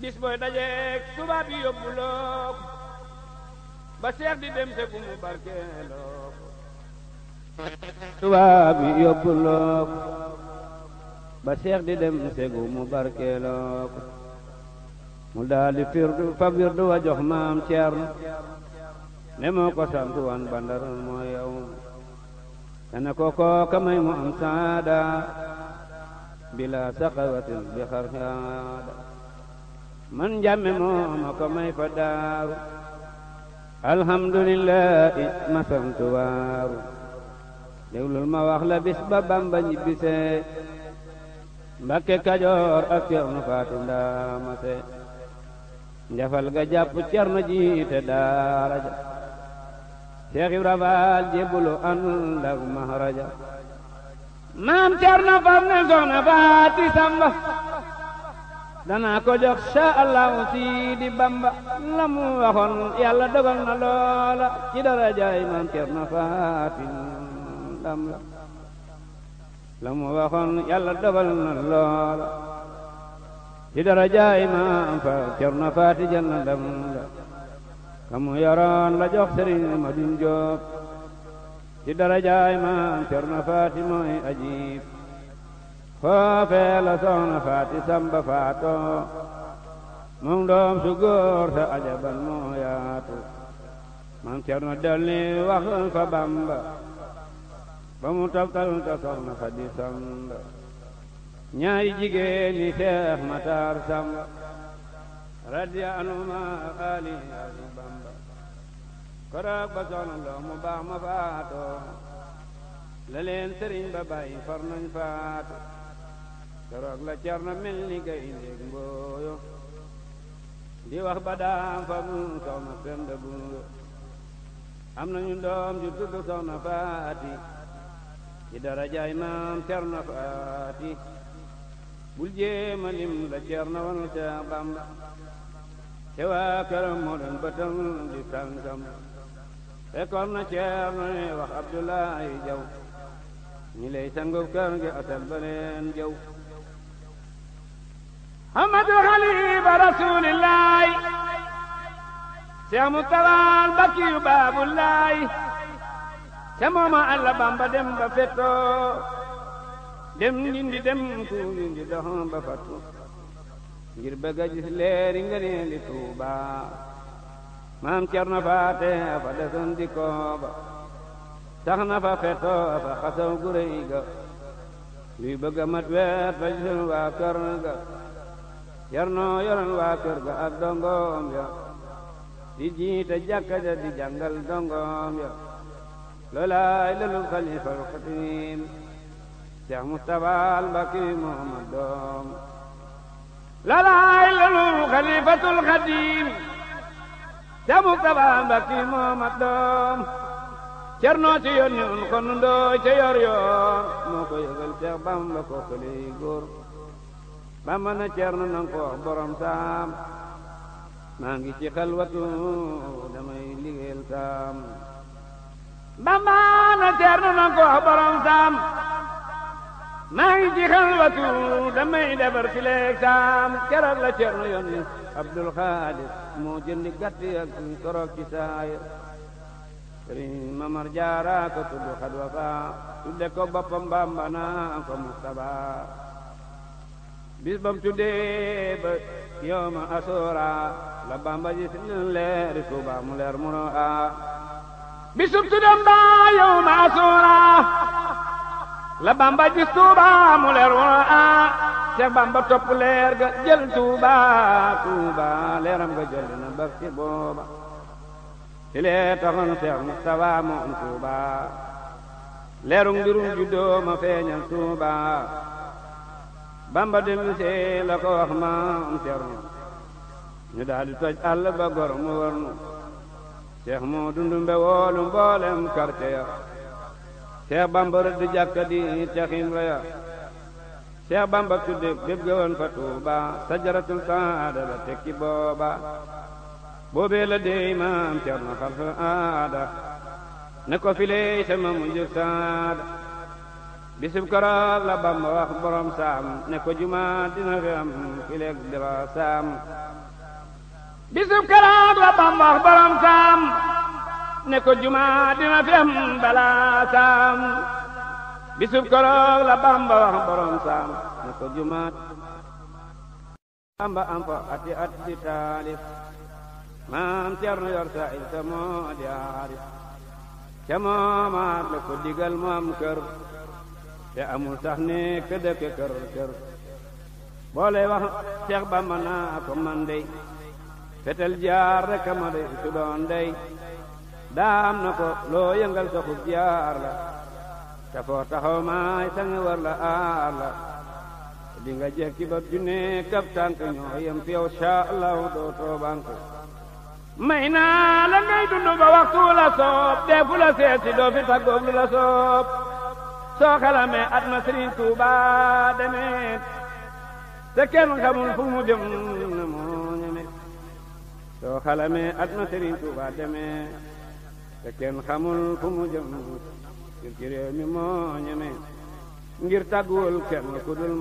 bis booy dajeeg tubaab yi yóbbu loo ba seex di dem te mu barkeeloo mu daal di firdu fa wirdu wa jox maam Ceerno ne moo ko sant wan bandar moo yow te ne ko kooka mu am saada bila saqawatin bi xarxaada man jàmme mooma ko may fa daaru alhamdulillahi ma santu waaru déglul ma wax la bis ba bamba ñibbisee mbakke kajoor ak cernu faatu ndaamase njafal ga jàpp cernu jiite daara ja seex ibra faal jébulu ànd ak maam Cerno fam ne soxna Faati Samba danaa ko jox sha Allah Sidi Bamba la mu waxoon yàlla dogal na loola ci darajaay maam Cerno Faati Samba la mu waxoon yàlla dogal na loola ci darajaay maam Cerno Faati Jalla Dam la kamu yoroon la jox Sëriñ Madun Joob ci darajaay maam Cerno Faati mooy ajiib foofee la soxna Faati Samba faatoo moom doom su góor sa ajaban moo yaatu maam Cerno dolli wax fa Bamba ba mu toftal ta soxna Faati Samba ñaari jigéen ñi Seex Mataar Samba radiya anuma ali Bamba faraag ba soxna loo mu baax ma faatoo la leen sëriñ ba bàyyi far nañ faatu keroog la na mel ni gayndeeg mbooyo di wax ba daam fagun soxna penda bungo am nañu doom ju tudd soxna faati ci darajaay maam cerno faati bul jéema lim la cerno wan ca bamba te waa këram moo doon bëtam di tànkam fekkoon na ceerno ne wax Abdoulaye Jaw ñi lay sangub kër gi atal ba leen jaw Ahmadul Xalifa Rasuulillaahi Seex Mustafaa Bakiyu Baabullaahi ca mooma Alla Bamba dem ba dem ngindi dem ku ngindi dox fattu ngir bëgg leeri nga ne li Tuubaa maam Cerno faate fa desoon di kooba tax na fa xeto fa xasaw gu ga luy bëgga mat weet fa gisoon waa kër ga Cerno yoroon waa kër ga ak dongoom ya di jiite jàkka ja di jàngal dongoom ya loolaay lolu xalifal xatim Seex Mustafaa al Mbàkke Muhammad doom loolaay lolu xalifatul xatim Seex Mustafa Mbàkke moo mat doom Cerno ci yoon ñun kon ndooy ca yor yoon moo ko yëgal Seex Bamba ko këley góor Bamba na Cerno nang ko wax borom saam maa ngi ci xalwatu damay liggéeyal saam Bamba na Cerno nang ko wax borom saam maa ngi ci xalwatu damay defar fileeg saam keroog la Cerno yoon abdul xaadir moo jënd gàtt ak torok ci saaya sëriñ mamar jaara ko tudd xad wafa tudde ko boppam bambana ko mustaba bis bam tuddee ba yooma asoora la bamba ji sin leeri tuuba mu leer muro a bisub tuddam ba yooma asoora la bamba gis tuuba mu leer woo a Seex bamba topp leer ga jël tuuba tuuba leeram ga jël na ba booba ci lee taxoon Seex Mustafa mu am tuuba leeru mbirum juddoo ma feeñal tuuba bamba dem see la ko wax ma am cernu ñu daal di toj àll ba gor mu war nu Seex moo dundu mbe woolu mboolem quartier ya Seex Bamba rëdd jàkka di texim reya Seex Bamba tudde bépp gawoon fa Tuuba sajaratul saada la tekki booba boobee la dey maam Cerno xarfa aada ne ko filey sama mujjug saada bisub koroog la Bamba wax borom saam ne ko juma dina fi am fileeg dara saam bisub koroog la Bamba wax borom saam ne ko juma dina fi am balaa saam bisub koroog la bamba wax borom saam ne ko juma bamba am fa ati at di taalif maam Cerno yor sa il di aarif ca moomaat la ko digal mu kër te amul sax ne ka dëkk kër kër boo lay wax Bamba naa ko man jaar rek ma dey su doon dey am na ko loo yëngal sa xub jaar la te foo taxaw maay sange war la aar la li nga jekki ba junne kap tànk ñoo yem fi yow sha allahu doo toobank may naa la ngay dundu ba waxtu la soob deefu la seeti doo fi taggoog lu la soob soo xalamee at ma demeet te kenn fu mu jëm moo ñeme soo xalamee at ma demeet te kenn xamul fu mu jëm ngir ci réew mi moo ñeme ngir tàgguwul kenn ku dul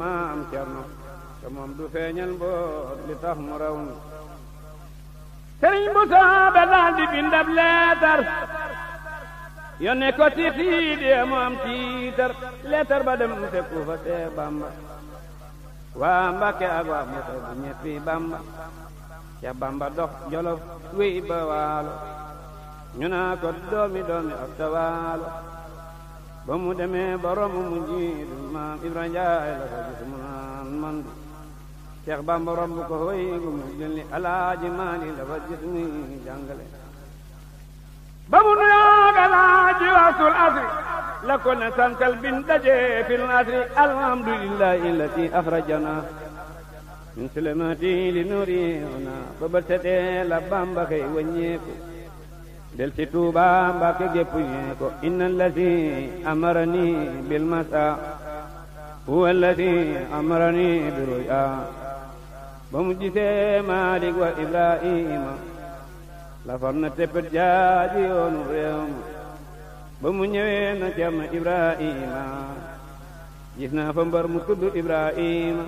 du feeñal boot li tax mu raw ni bu soobe daal di bindab leetar yónne ko ci tiidee mu tiitar leetar ba dem fekku fa see bamba waa Mbàkke ak waa Mbuso bu ñeppi bamba ca bamba dox jolof wéy ba waalo ñu naa ko doomi doomi ab tawaalo ba mu demee boromu mu jiitu maam Ibra Njaay la ko gis mu man du Seex Bamba romb ko hoy gu mu julli alaaji maali la ko gis muy jàngale ba mu nuyoo alaaji waasul asri la ko ne santal bin fil asri alhamdulillahi illati axrajana min sulemati li nuriina ba ba setee la Bamba xëy wàññeeku del Tuuba Mbàkke gépp yee ko inna allazi amarani bil masa huwa allazi amarani bi ruya ba mu gisee Maalik wa Ibrahima la teppet jaaji yoonu ma ba mu ñëwee na Cerno Ibrahima gis naa fa mbar mu tudd Ibrahima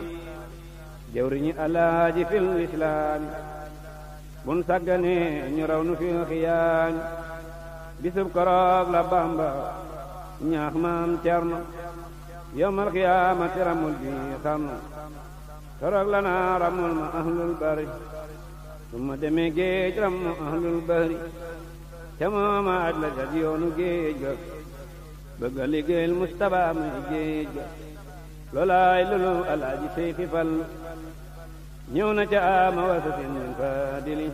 jawriñu alaaji fil islaami bun sàggane ñu raw nu fi xiyaañ bisub koroog la bamba ñaax maam cerno yowmal xiyaamati ramul bi xarnu koroog la naa ramul ma ahlul bari su ma demee géej ram mu ahlul bari ca mooma aj la géej ga bëgg a liggéeyal mustaba may géej ga loolaay lulu alaaji seyfi fal ñëw na ca ama wasatin min fadili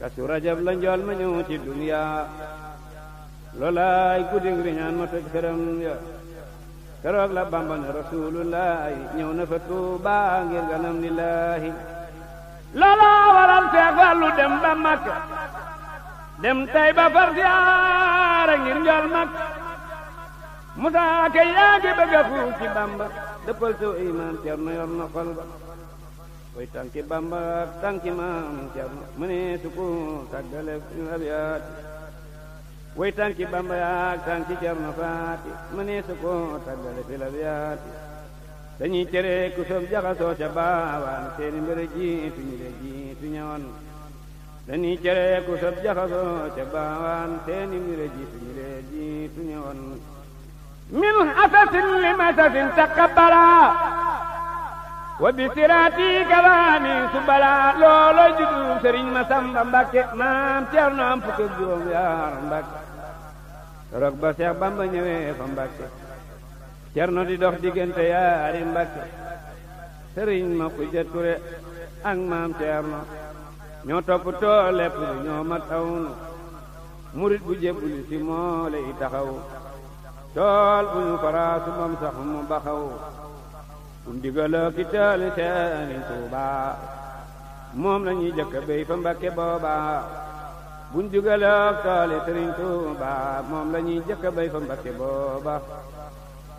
kasu rajab la njool ma ñëw ci dunya loolaay guddig riñaan ma toj këram ya keroog la bamba ne rasulullahi ñëw na fa tuuba ngir ganam lillahi loola waral seex dem ba makka dem tay ba far ngir njool makka musaaka yaa ngi bëgga fu ci bamba dëppal soo iman cer na yor na xol way tànki bamba tànki maam Cerno mu ne su ko tàggale abiyaat way tànki bamba yaak tànki Cerno faati mu ne su ko tàggale fi ku soog jaxasoo ca baawaan ñu de jiitu ku soog jaxasoo ca baawaan seeni mbir jiitu ñu de jiitu ñawan min asasin li masasin taqabala wa bi siraati kawaami su balaa loolooy juddu sëriñ ma samba mbakke maam Cerno am fukk ak juróom mbakke torog ba seex bamba ñëwee fa mbakke Cerno di dox diggante yaari mbakke sëriñ ma ku jëture ak maam Cerno ñoo topp too lepp li ñoo ma tawnu murit bu jébbuli si moo lay taxaw tool bu ñu faraasu bam sax mu kum digaloo ki taali Serigne Touba moom la ñuy jëkk béy fa Mbakke booba buñ digaloo taali Serigne Touba moom la ñuy jëkk béy fa Mbakke booba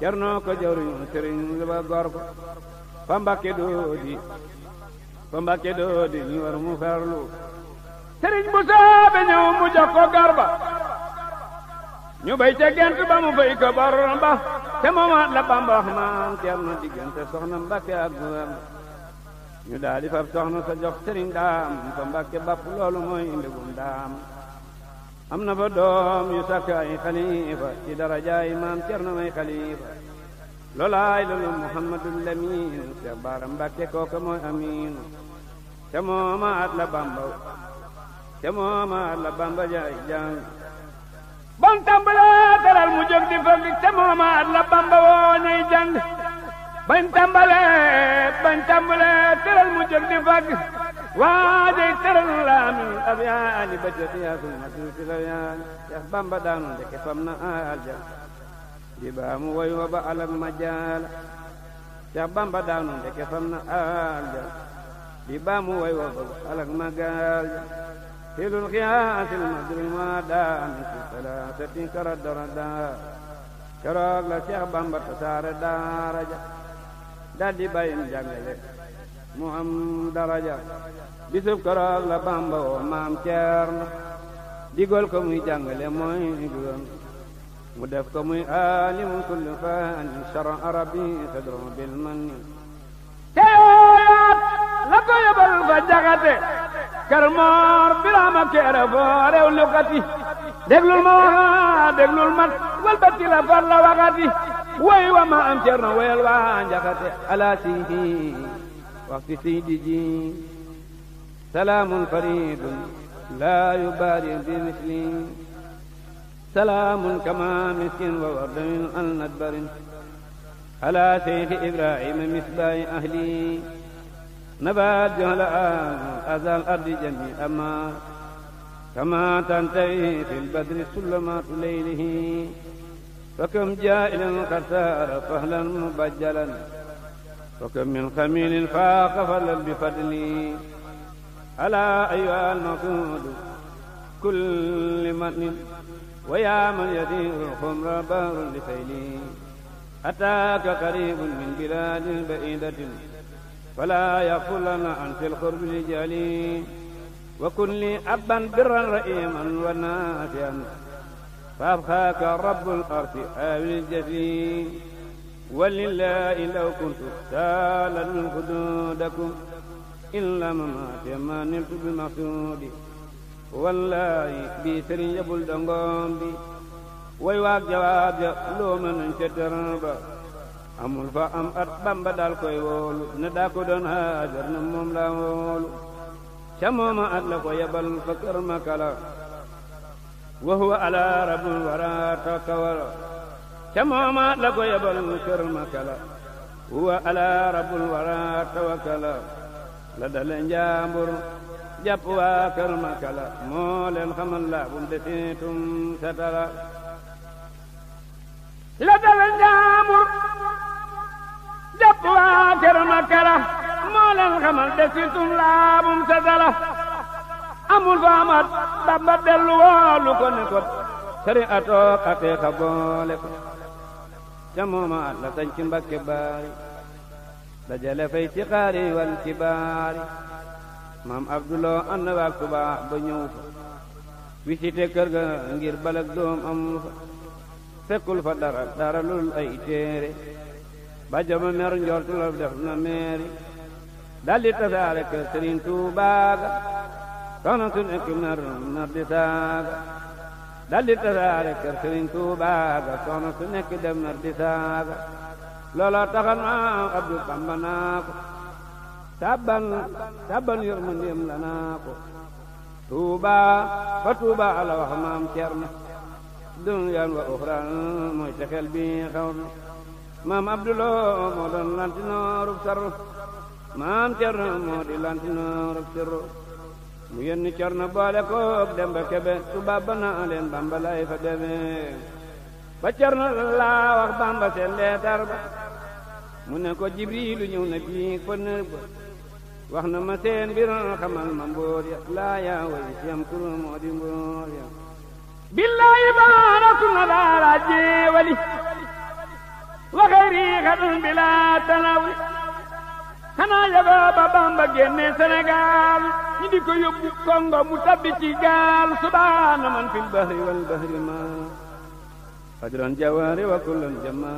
jarnoo ko jawriñu Serigne ba gor ko doodi fa doodi ñu war mu farlu Serigne bu saabe ñëw mu jox garba ñu bay ca gent ba mu fay ko bor ba te moomaat bamba wax maam Cerno diggante soxna Mbàkke ak góor ñu daal di fab soxna sa jox sëriñ daam fa Mbàkke bapp loolu mooy mbégum daam am na fa doom yu sàkk ay xalifa ci darajaay maam Cerno may xalifa loolaay loolu Muhammadul Lamin Seex Baara Mbàkke kooka mooy amiinu te moomaat la bamba te moomaat la bamba jaay jàng bam tàmbalee dalal mu jóg di fëgg te moomaat la bamba woo nay jàng bañ tàmbalee bañ tàmbalee tëral mu jóg di fàgg waa dey tëral la amin ab yaani ba jot yaasul na suuti la yaani yax bamba daanu ndeke fam na aljan di baamu woy wa ba alal ma jaala yax bamba daanu ndeke fam na aljan di baamu woy wa ba alal ma gaal في ذو الغياث المجر المنادى من في ثلاثة كرد ردا la Seex Bamba tasaare daaraja daldi bayim jàngale mu am daraja bisub keroog la Bamba woo maam Ceerno digol ko muy jàngale mooy juróom mu def ko muy aalimu kulli fani shara arabi tadron bil manni teewaat la ko yóbbal fa jaxate kër moor biraama keere foo rew lukati déglul ma waxa déglul mat walbati la far la waxati woy wa ma am cer na woyal waa njaxate ala siihi waxti siydi ji salaamun faridun laa yubaari bi misli salaamun kama miskin wa wardamin al nadbarin على سيف إبراهيم مصباح أهلي نبات جهل أذى الأرض جميع ما كما تنتهي في البدر سلمات ليله فكم جائلا قد فهلا مبجلا وكم من خميل فاق فلا بفضلي ألا أيها المقود كل متن ويا من يدير خمر بار لفيلي أتاك قريب من بلاد بعيدة فلا يغفل لنا عن في القرب رجالي وكن لي أبا برا رئيما ونافعا فأبخاك رب الأرض آوي الجفي ولله لو كنت سالا خدودكم إلا مماتي ما نلت بمقصودي والله بيسر يبل دنقوم بي way waag ja loo mën nañ ca terrain ba amul fa am at bamba daal koy woolu ne daa ko haajar na moom woolu ca at la ko yebal fa kër makala wa huwa ala rabul wara takawala ca at la ko yebal kër makala huwa ala rabul wara tawakala la dale njaambur jàpp waa kër makala moo leen xamal laa bum defiitum la dala njaambur jàpp waa këram ak xamal des ci tum laabum sa amul fa amat Bamba dellu woolu ko ne ko sëriñ atoog aqiiqa boole ko ca mooma la ci mbakke baari dajale fay ci xaari wal ci baari maam abduloo ànd waag tubaax ba ñëw fa wisite kër ga ngir balak doom am fa fekkul fa dara dara lul ay téere ba jama mer njortu la def na meeri daldi tasaare kër tuubaaga soxna su nekk mer mer di saaga daldi tasaare kër tuubaaga soxna su nekk dem mer di saaga looloo taxan maam abdu bamba naa ko tabban tabban yërmandeem la naa ko tuubaa fa tuubaa ala wax maam cerno dunyaan wa uxraan mooy texel bi xaw na maam abdulo moo doon lantinoorub sarru maam cerno moo di lantinoorub sirru mu yónni cerno boole koog dem kebe tubaab ba na fa demee ba cerno laa wax bamba leetar ba mu ne ko jibriilu ñëw na fii fa nër ba wax na ma seen mbir xamal ma mbóor ya laa yaa way siyam moo di mbóor ya billahi baarakum na daara jeewali wa xayri xadun bila tanawli xanaa Bamba génne Sénégal ñu ko yóbbu Kongo mu tabbi ci gaal subaana man fil bahri wal bahri ma jawaari wa kullan jama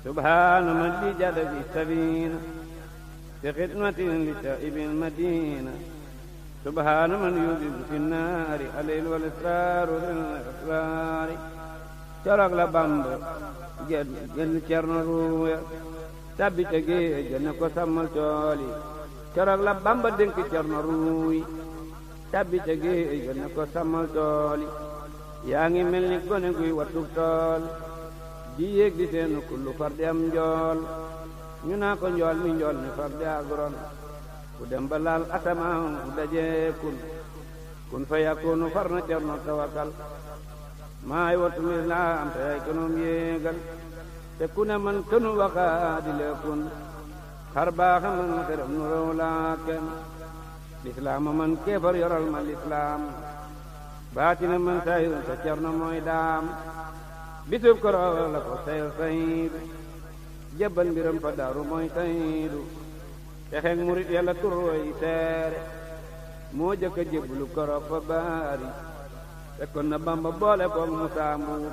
subhaana man li jada bi sabina bi xidmatin li taibin madina سبحان من يوجد في النار الليل والإسرار وذل الإخبار corog la bamb genn cerno ruuya sabbi ca géej ko sàmmal tool yi la bamba dénk cerno ruuy sabbi ca géej ne ko sàmmal tool yaa ngi mel ni gone guy wattub tool di yéeg di kullu far am njool ñu naa ko njool mi njool ni far di aguron ku dem ba laal asamaan ku dajee kun kun fa yakunu far na jar na tawakal maay wattu lislaam te ay kanum yéegal te ku ne man kënu waxaa di lee kun xar man te ref nu rew laa lislaama man keefar yoral ma lislaam baatina man sayir te cer na mooy daam bisub koro la ko sayir sayidu jabban mbiram fa daaru mooy sayidu texeeg murit yàlla turooy teere moo jëkk a jébbalu koroog fa baari fekkoon na bamba boole koog musaa mbuub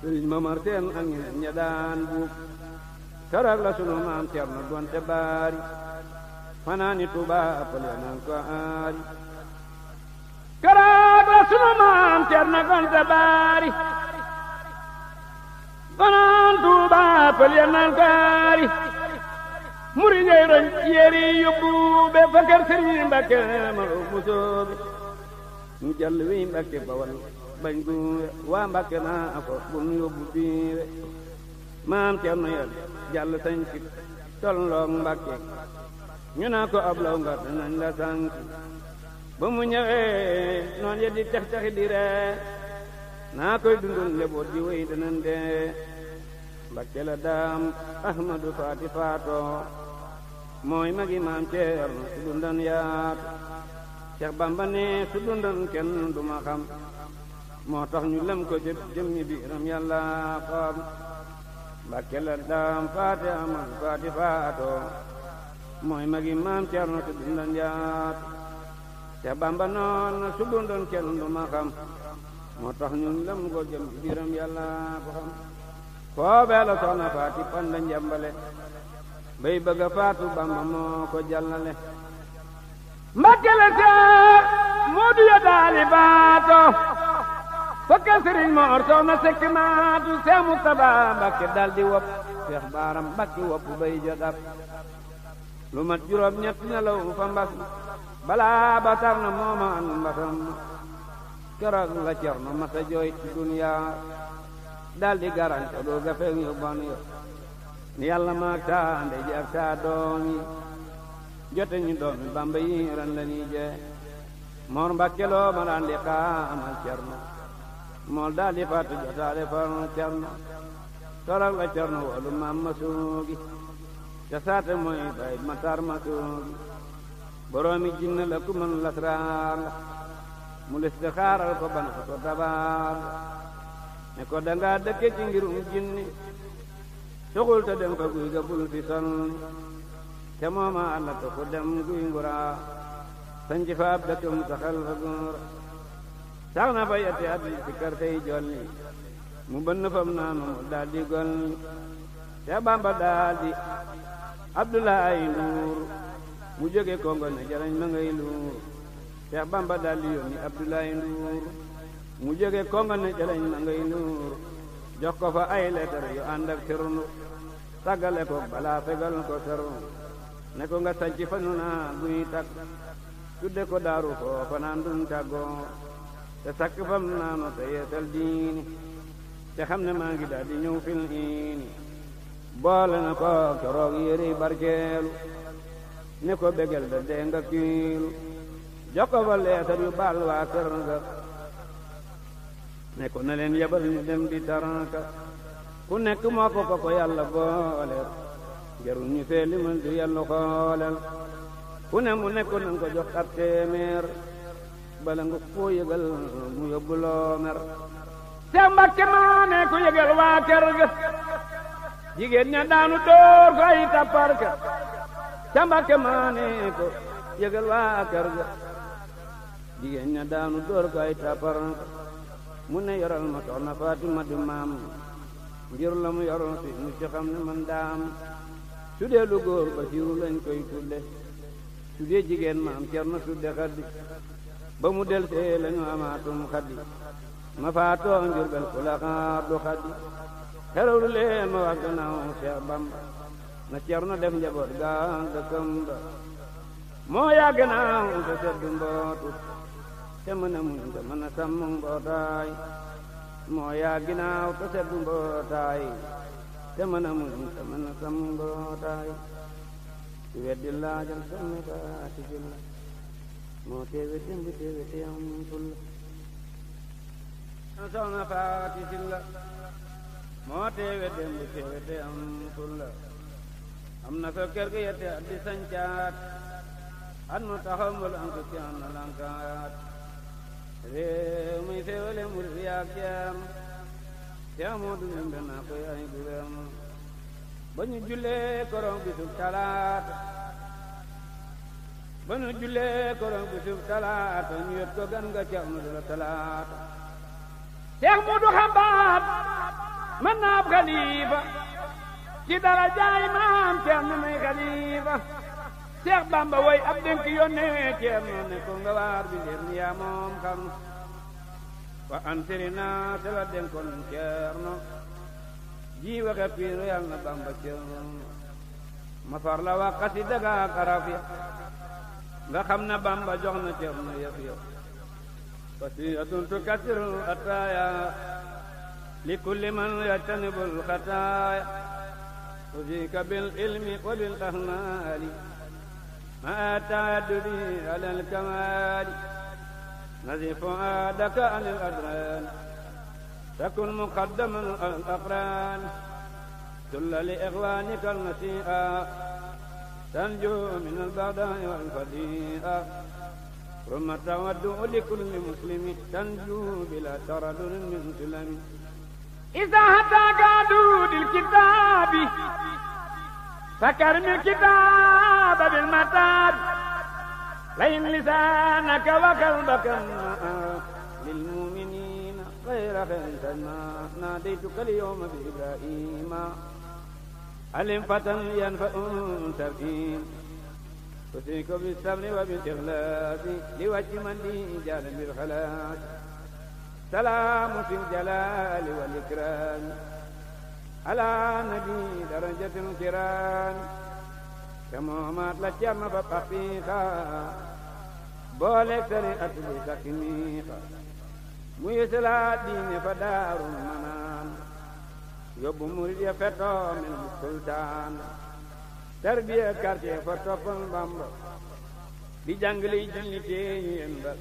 sëriñ mamar teen ak ña daan buub karaag la sunu maam Cerno donte baari fanaani tuba appale naan ko aari karaag la sunu maam Cerno donte baari fanaan tuba appale naan ko aari muri ñooy roñ yéeri yóbbu be fa kër sëriñ Mbàkke maro musoobi ñu jàll wi Mbàkke bawal bañ gu waa Mbàkke naa ko bu yóbbu biiwe maam Cerno yal jàll sañ ci tolloog ñu naa ko ab law nga danañ la sànk ba mu noon ya di tax di ree naa koy dundal leboot di wéy danañ dee Mbàkke la daam Ahmadu Faati faatoo mooy magi maam Ceerno su dundan yaatu Seex Bamba ne su dundan kenn du xam moo tax ñu lem ko jëp jëmmi biiram yàlla xaam mbàkke la daam faate amal faati faatoo mooy magi maam Ceerno su dundan yaatu Seex Bamba noon na su dundan kenn xam moo tax ñu lem ko jëmmi biiram yàlla xam foo bee la faati panda njambale bay bëgg faatu bamba moo ko jàllale mbakke la seex moo du yo daali baato fokka sëriñ moor na sekk maatu seex mu taba mbakke daldi wopp seex baaram mbakke wopp bay jo dab lu mat juróom ñett nelaw fa mbas balaa ba tar na mooma an mbasam keroog la cer no masa jooy ci duniyaa daldi garante doo ga feeñ yu bon yo yàlla maag taa ndey ji ak taa jote ñu doomi bamba yi la ñuy je moor mbàkkeloo ma daan di xaamal cerno mool daal di fàttu jotaale farnu cerno torak la cerno woolu maam ma suugi ca saate bay ma tar ma suugi boroomi jinne la ku mën lasraar la mu lis di xaaral ko bana ko tabaar la ne ko dangaa dëkke ci ngirum jinni soxul te dem fa guy ga fi son te mooma àll ku dem guy ngura sanci fa ab dëkkam saxal fa góor sax na fa yetti at ci kër tey jolli mu bënn fam naanu mu daal golli te bamba daal di nduur mu jóge kongo ne jarañ ma ngay luur Bamba daal yónni Abdoulaye Nduur mu jóge Kongo ne jalañ ma ngay jox ko fa ay leetar yu ànd ak tërnu tàggale ko balaa fegal ko ser ne ko nga sanc fa nu na guy takk tudde ko daaru ko fanaan dun tàggoo te sakk fam naano te yeesal diini te xam ne maa ngi daal di ñëw fil iini boole na ko keroog yëri barkeelu ne ko begel da dee nga kiilu jox fa leetar yu baal waa kër nga ne ko na yabal ñu dem di taranka ku moo ko ko ko yàlla boole jarul ñu fee limal du yàlla xoolal ku mu nekk nañ ko jox ab téeméer bala nga koo mu yóbbu loo mer te mbakke maa waa kër ga jigéen ña daanu door ko ay tappar ka te mbakke maa ne waa kër ga jigéen ña daanu door ko ay tappar ka mu ne yoral ma soxna Fatima di maam ngir la mu yoroon si mu ci xam ne man daa am lu góor Basiiru lañ koy tudde su dee jigéen ma am Cerno tudde xaddi ba mu del see lañu amaatum xaddi ma faatoo ngir bel ku la xaar du xaddi ma wax gannaaw Bamba na Cerno def njaboot gaa dëkkam ba moo yaa gannaaw te seddu te mën a muñ te mën a sàmm mbootaay moo yaa ginaaw te seddu mbootaay te mën a muñ te mën a sam mbootaay ci weddi laajal sàmmi baati julla moo moo teewe dimbi teewe te am fulla am na ko kër gi yette at di sancaat taxaw mbul an ko am na lankaat réew mi féewale murit yaak jaam yaa moo du nembe naa koy ay guram ba ñu jullee korom bisub bisub talaata ñu yot ko gan nga ca nu dula talaata Seex Moodu Xambaat mën naa ab ci dara jaay maam ca nu may xalifa Seex Bamba woy ab dénk yónnee Ceerno ne ko nga waar bi leen yaa moom xam wa antiri naa te la dénkoon Ceerno ji waxe piir yal na Bamba Ceerno ma far la wax xasida ga ya nga xam na Bamba jox na Ceerno yëf ya fasiyatun tukasiru ataaya li kulli man yajtanibul xataaya usika bil ilmi wa bil ahnaali ما تعدني على الكمال نزي فؤادك عن الأدران تكن مقدما على الأقران ذل لإخوانك المسيئة تنجو من البغداء والفضيئة رم تود لكل مسلم تنجو بلا تردد من سلم إذا هتاك عدود الكتاب فكرم الكتاب بالمتاب لين لسانك وقلبك للمؤمنين غير خير ما ناديتك اليوم بإبراهيم علم فتن ينفع تركين تثيك بالصبر وبالإخلاص لوجه من لي جال بالخلاص سلام في الجلال والإكرام ala nabi darajatil kiram te moomaat la cerna ba papiixa boole sari atubi sakimiixa mu yësalaat diine fa daarul manaan yóbbu murid ya fetoo mel mu sultaan tarbiya quartier fa toppal Bamba di jàngale julli tee ñu yen ba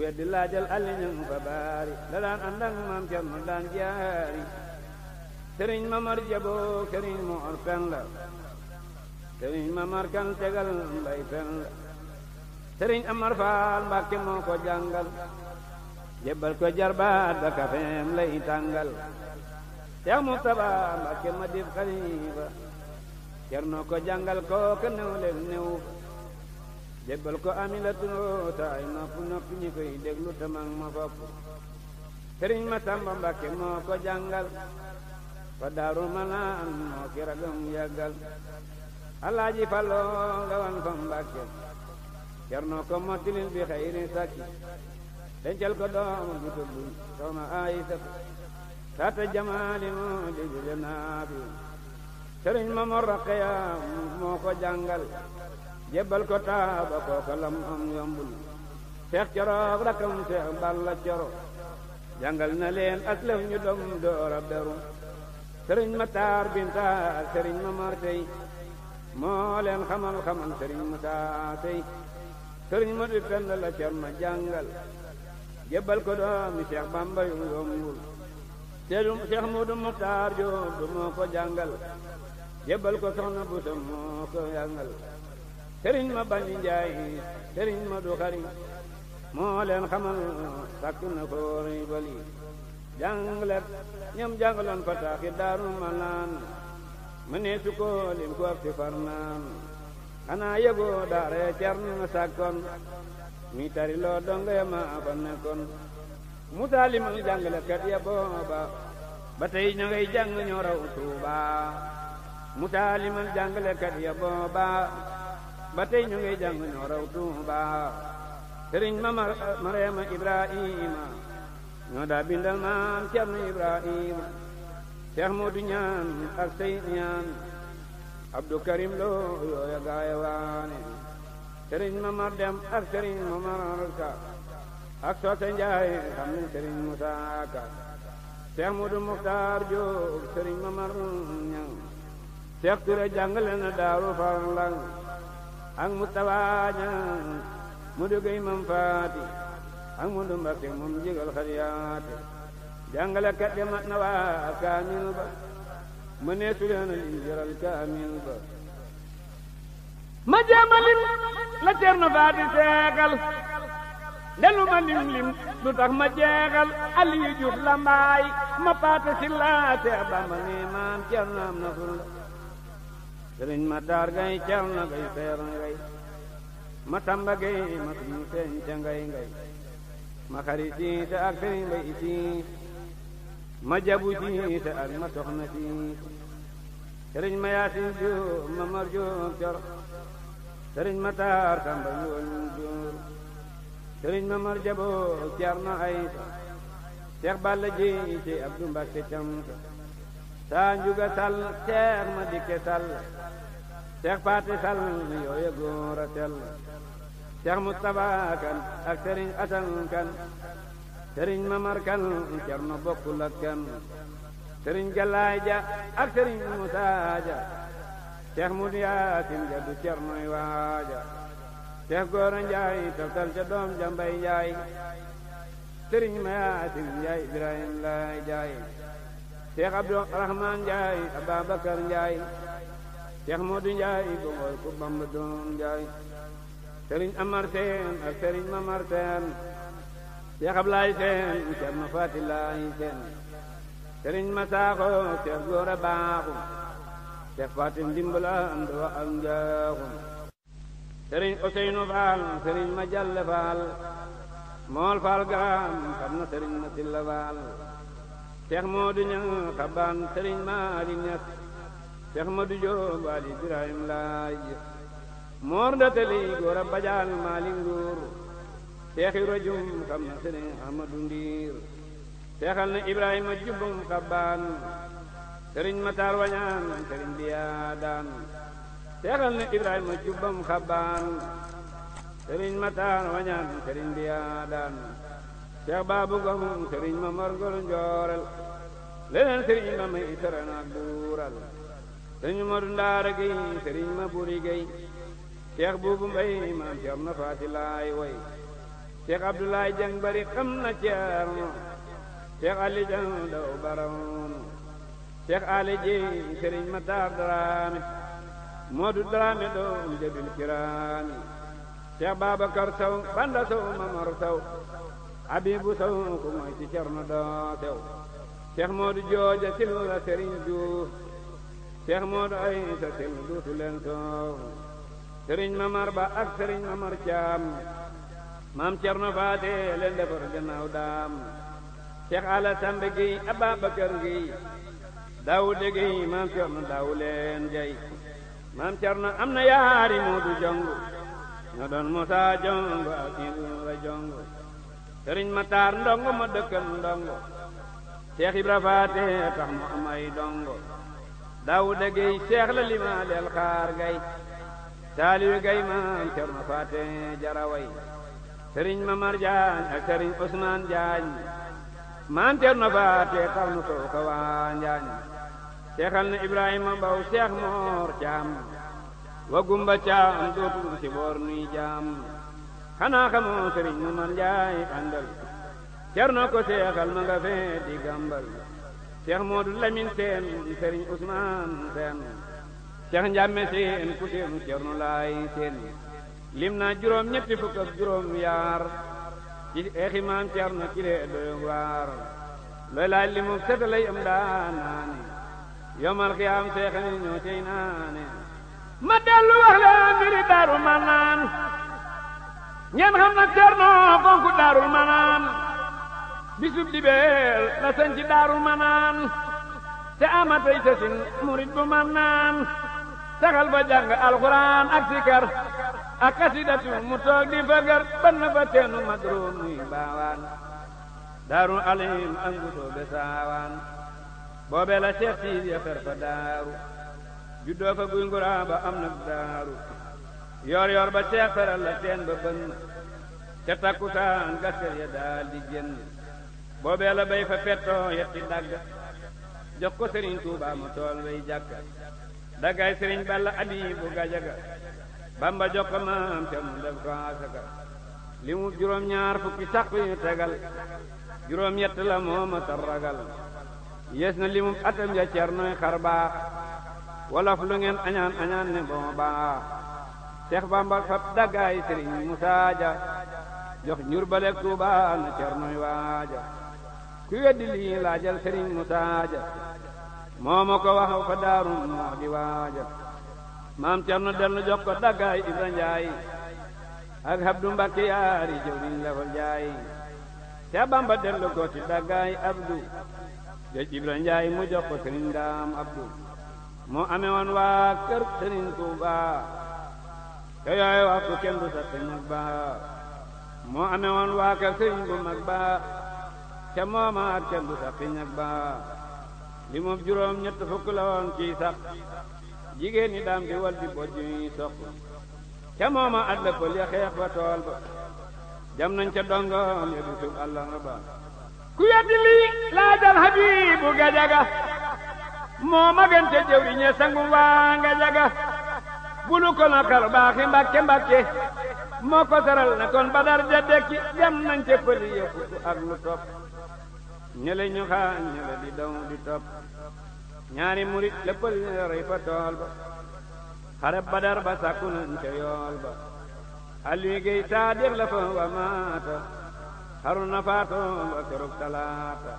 weddi laajal alliñam fa baari la daan ànd ak maam cerno daan jaari sëriñ mamar jaboo sëriñ moor fen la sëriñ mamar kan tegal mbay fen la sëriñ amar faal mbàkke moo ko jàngal jébbal ko jarbaat ba kafeem lay tàngal seex mustaba mbàkke ma dib xalifa cerno ko jàngal ko ke new new jébbal ko amilatoo ta ay nopp noppi ñi koy déglu tamang ma fopp sëriñ ma samba mbàkke moo ko jàngal fa daaru manaan moo ki ragam yàggal alaaji falloo nga wan fa mbàkke cerno ko mottilil bi xayri sàkki dencal ko doom ju tudd soxna aysatu tata jamaali moo di jule naabi sëriñ ma mo raqeya moo ko jàngal jébbal ko taaba kooka lam am yombul seex coroog rakam seex balla coro jàngal na leen aslef ñu dom doora beru sëriñ Mataar Binta sëriñ Mamar tey moo leen xamal xamal sëriñ Musa tey sëriñ Madu Pend la cer ma jàngal jébbal ko doomi Seex Bamba yu yombul seedu Seex Mudu Mataar Jóob ko jàngal jébbal ko soxna bu sa moo ko jàngal sëriñ ma bandi Njaay sëriñ Madu moo leen xamal sakk na ko jàngleb ñam jàngaloon ko taaxi daaru malaan mu ne su ko lim ko ci farnaan xanaa yëgoo daare cernu sàkkoon mi tari loo donga ya ma fa nekkoon musaa limal ba tey ña jàng ñoo raw tuuba musaa limal jàngalekat ya ba tey ñu jàng ñoo raw tuuba ma mareema ibrahima ñoo daa bindal maam Cerno Ibrahima Seex Moodu ñaan ak sey ñaan Abdou Karim Lo yooya gaaya waane Sëriñ Mamar Dem ak Sëriñ Mamar Ka ak Soose Njaay xam ne Sëriñ Musa Ka Seex Moodu Muxtaar Jóob Sëriñ Mamar Ñang Seex Ture jàngale na daaru Farlang ak Mustafa mu dugay mam faati Ahmadu Mbakke moom jégal xariyaate jàngalekat ya mat na waa kaamil ba ma nee su leen a lim jëral ba ma jéem a lim la Ceerno Faati seegal ndelu ma lim lim du tax ma jeexal Aliyu la mbaay ma paate si laate a Bamba ne maam Ceerno am na fulla sëriñ ma daar gay Ceerno gay seer ngay ma tamba gay ma suñu seen ca ngay ma xarit si te ak sëriñ mbay si ma jabu si ak ma soxna si sëriñ ma yaasin jóob ma mar jóob cor sëriñ ma taar tamba ñuul jóor sëriñ ma mar jabo cerno ay seex balla jéey ci abdu mbàkke cam saa njuga sal seex ma dikke sal seex paate sal yooya góor a Cheikh Moustapha kan ak sëriñ Asan kan sëriñ Mamar kan Cerno bokkul ak kan sëriñ Galaay ak sëriñ Musaa ja Cheikh Mudu Yaasin ja du Cernoy waaja Njaay taftal ca doom Njaay sëriñ ma Njaay Ibrahim Laay Njaay Cheikh Abdurahmaan Njaay Ababakar Njaay Cheikh Mudu Njaay gongoy ku Bamba Njaay sëriñ amar seen ak sëriñ mamar seen seex ablaay seen cerno fatilaayi seen sëriñ masaaxo seex góor a baaxu seex fatim dimbal am dawa am njaaxum sëriñ oseynu faal sëriñ ma jalle faal mool faal gaam xam na sëriñ ma silla faal seex moodu ñaŋ xabaan sëriñ maari ñas seex madu joob waali ibrahim laay moor ndatali góor a bajaan maali nguur seexi rajum xam na sëriñ ahmadu ndiir seexal na ibrahima jubbum xabbaan sëriñ mataar wañaan sëriñ biyaa daan seexal na ibrahima jubbum xabbaan sëriñ mataar wañaan sëriñ biyaa daan seex baabu gomum sëriñ ma morgol njoorel leneen sëriñ ma may tëran ak duural sëriñ ma dundaara gay sëriñ ma buri gay Cheikh Buubu Mbay maam Cerno Faati Laay way Cheikh Abdoulaye Jang bari xam na Cerno Cheikh Ali Jang daw barawnu Cheikh Ali Jeng Sëriñ Mataar Daraame Moodu Daraame doom jabil kiraami Cheikh Babacar Saw Banda Saw Mamar Saw Abibu Saw ku mooy ci Cerno doo tew Cheikh Moodu Moodu ay sa Sillu duutu leen sëriñ mamar ba ak sëriñ mamar caam maam cerno faate leen defar gannaaw daam ceex ala tambe giy ababakar giy daawude giy maam cerno daawu leen jay maam cerno am na yaari moodu jongu ñoo doon musa jongu ak iidu la jongu sëriñ mataar ndongo ma dëkkal ndongo ceex ibra faate tax mu am ay dongo daawude giy ceex la limaa leel xaar gay taalibi gay maam Cerno Faate Jaraway sëriñ Mamar Jaañ ak sëriñ Usmaan Jaañ maam Cerno Faate xaw na ko ka waa Jaañ seexal na Ibrahima Mbaw Seex Moor Caam wa gumba Caam dootul ci boor nuy jaam xanaa xamoo sëriñ Mamar Njaay àndal Cerno ko seexal ma nga fee di gàmbal Seex Moodu Lamin Seen sëriñ Usmaan Seen Seex Njàmme seen ku seenu Cerno Laay seen lim na juróom ñetti fukk ak juróom yaar ci eexi maam Cerno ci lee doy waar looy laaj li mu seta lay am daa naane yomal xiyaam seexani ñoo cey naane ma dellu wax leen mbiri daarul manaan ngeen xam na Cerno fonku daarul manaan bisub dibeel la ci daarul manaan te murit bu manaan saxal fa jàng alxuraan ak sikar ak xasidatu mu toog di fagar ban na fa teenu madroon muy baawaan daaru alim angutoo be saawaan boobe la Seex Sidiya fer fa daaru juddoo fa guy nguraa ba am na daaru yor yor ba seex feral la teen ba bënn ca takkusaan gaskel ya daal di génn boobee la bay fa fettoo yetti dagg jox ko Sëriñ Tuubaa mu tool way jàkka dagay sëriñ balla abibu gajaga bamba jox maam te mu def ko asaka li juróom ñaar fukki takk tegal juróom yett mooma tar ragal na li mu atam ya noy xar baax wolof lu ngeen añaan añaan ne boo baax seex bamba fab dagay sëriñ musaa ja jox ñur bale tuuba na cer noy waaja ku weddi lii laajal sëriñ musaa ja moo ko wax fa daaru moo di waaja maam Cerno dellu jox ko daggaay Ibra ak Abdu Mbàkke yaari jëwriñ la fa Bamba dellu ko ci daggaay Abdu jëj Ibra mu jox ko Abdu mu ame waa kër sëriñ Tuuba te yooyu wax ku sa sëñ ba mu ame waa kër sëriñ bu ba te mooma kenn du sa sëñ ba li moom juróom ñett fukk la woon ciy sax jigéen ñi daam di wal di yi soq ca mooma at la pël ya xeex ba tool ba jam nañ ca dongoom ya dutub allah ba ku yeddi lii laajal habibu gajaga moo magante jëwri ñe sangu waa gajaga bulu ko nakal baaxi mbàkke mbàkke moo ko saral ne kon badar ja dekki jam nañ ca pëli ya fukk ak lu topp ñële ñu xaa di daw di topp ñaari murit léppal rey fa tool ba xare badar ba sàkku nañ ca yool ba Aliou Gueye taa fa wa maata xaru na faatu ba talaata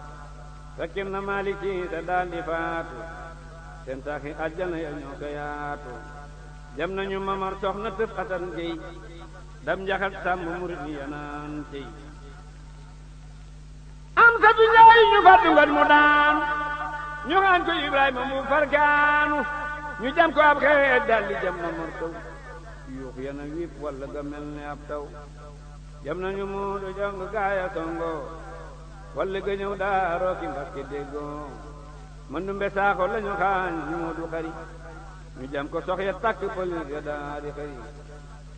fekkir na maliki te di faatu seen taaxi àjjana ya ñoo ko yaatu jam nañu mamar soxna tëf xasan Gueye dam njaxat sàmm murit yi yanaan tey am satu ñaay ñu fàttu ngat mu daanu ñu ngaan ko Ibrahima mu farkaanu ñu jam ko ab xeet daldi jam na mor yuux ya na wiip walla ga mel ni ab taw jam nañu mu do gaaya songo walla ga ñëw daaroo ki mbakke déggoo mën du mbe saaxo ñu xaañ ñu mu du ñu jam ko sox ya takk pël ga daadi xari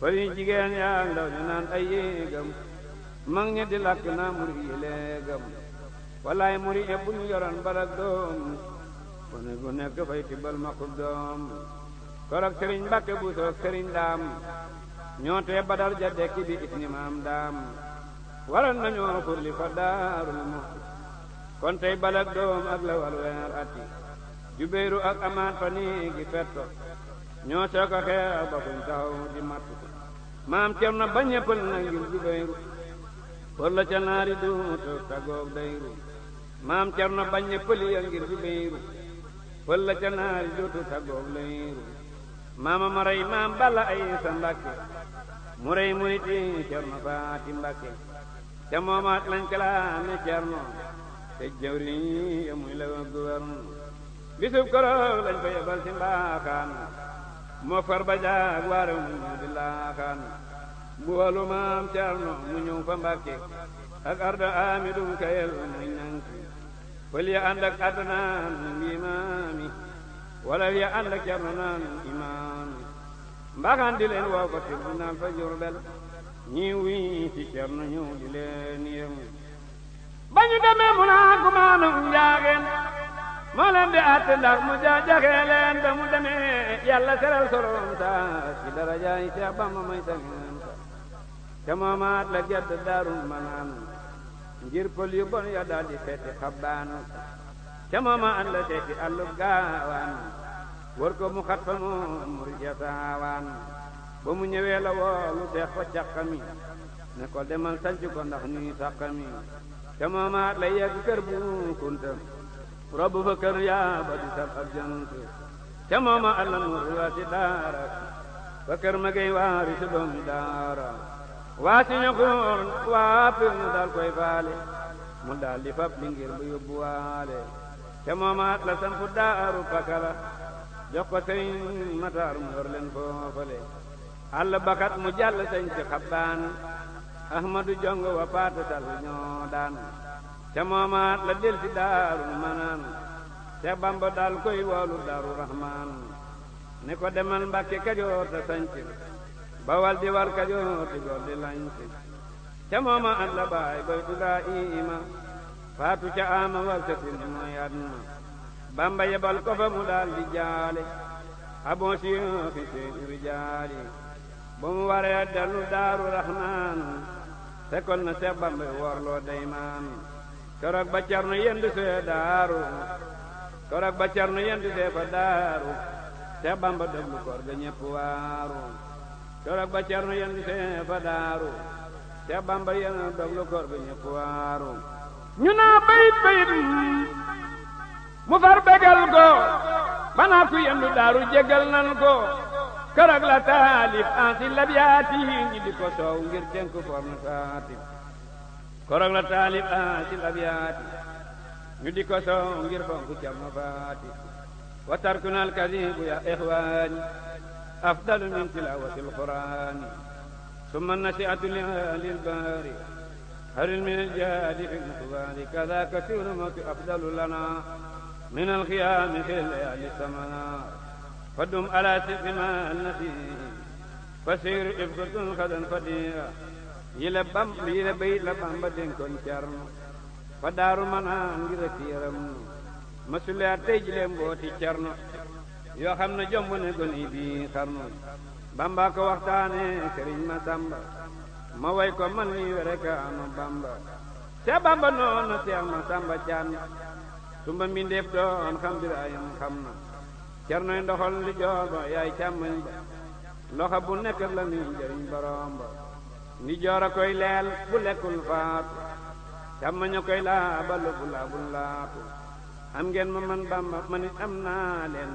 pël yi jigéen yaa ndaw ñu naan ay yéegam mag ña di làkk naa muri yi léegam wallaay muri yëpp bu ñu yoroon balak doom kone gu nekk fay tibbal makub doom korok sëriñ mbàkke bu sëriñ daam ñoo tee badal ja dekki bi it ni maam daam waroon nañoo furli fa daarul muxti kon tey balak doom ak la weer ati jubéeru ak amaat fa nii gi fetto ñoo soo ko ba fuñ taxaw di matt maam cer na ba ñëppal na ngir jubéeru bor la ca naari duuta tagoog dayru maam cerno bañ a pëli a ngir bi la ca naari duuta tagoog layru maama ma rey maam balla ay sa mbàkke mu rey cerno faati mbàkke ca moomaat lañ kalaame cerno te jawriñ yi amuy la gouverne bisub koroog lañ ko yebal si moo far ba jaag waare mu di mbuwalu maam Cerno mu ñëw fa Mbàkke ak arda amidum kayel muy nanki fël ya ànd ak adnaan limaami wala ya ànd ak Cerno naan imaami mbaxaan di leen woo ko tribunal fa Jurbel ñi wii ci Cerno ñëw di leen yëm ba ñu mu naa ku maanum njaageen moo leen di àtte mu jajaxe ba mu demee yàlla seral soroom saa ci darajaay Seex Bamba may tamit te moomaat la gedd daarul manaan ngir pël yu bon ya daal di feeti xabbaanu te moomaat la seeti allub gaawaan wër ko mu xat fa moom mur jasaawaan mu ñëwee la woolu deex fa càqami ne ko demal sanc ko ndax ñuy sàqami te moomaat la yegg kër bu kuntam robb fa yaa ba di sal ab janant te moomaat la waa si daara fa kër ma gay daara waa Sénégal waa pir nu daal koy faale mu daal di fab li bu yóbbu waale moomaat la sampu daaru pakala jox ko Mataar mu yor foofale àll bakat mu jàll sañ ci ahmadu jong wa paata tal ñoo daan te moomaat la del daaru manaan te bamba daal koy woolu daaru rahmaan ne ko demal mbàkke kajoor ta sañc bawal di war kajoor di dolli ca mooma at baay bay dugaa iima faatu aama war ca sin bamba yebal ko mu daal di jaale abon si fi seeni rijaali bu mu waree dellu daaru raxmaan fekkoon na bamba worloo deymaan keroog ba carno yendu see daaru keroog ba yendu see daaru seex bamba déglu koor ga ñépp waaru keroog ba cerno yendu see fa daaru te bamba yenn doglu kor bi ñëpp waaru ñu naa bayit bayit mu far begal ko banaa ku yendu daaru jégal nan ko keroog la taalif ansi labiyaati ñi di ko soow ngir dénk fornu saati keroog la taalif ansi labiyaati ñu di ko soow ngir fonku cam na faati wa tarkunal kasibu ya ixwaani أفضل من تلاوة القرآن ثم النشأة لعالي الباري هرل من الجهاد في الإخبار كذا كثير الموت أفضل لنا من الخيام في الليالي سمنا فدم على سفما النبي فسير إفقة غدا فديا يلبم يلبي لبم بدين كن كرم فدار منان غير كيرم مسلات تجلم بوتي كرم yoo xam ne jomb ne goni bi xarnu bamba ko waxtaane sëriñ ma samba ma way ko man mi wereka ama bamba te bamba noon na seex ma samba caan tumba mbindeef doon xam bir xam na cernoy ndoxol li jooba yaay càmmañ ba loxo bu nekk la mi njëriñ borom ba ni joora koy leel bu lekkul faatu càmmaña koy laa ba lobu laabul laatu am ngeen ma man bamba ma nit am naa leen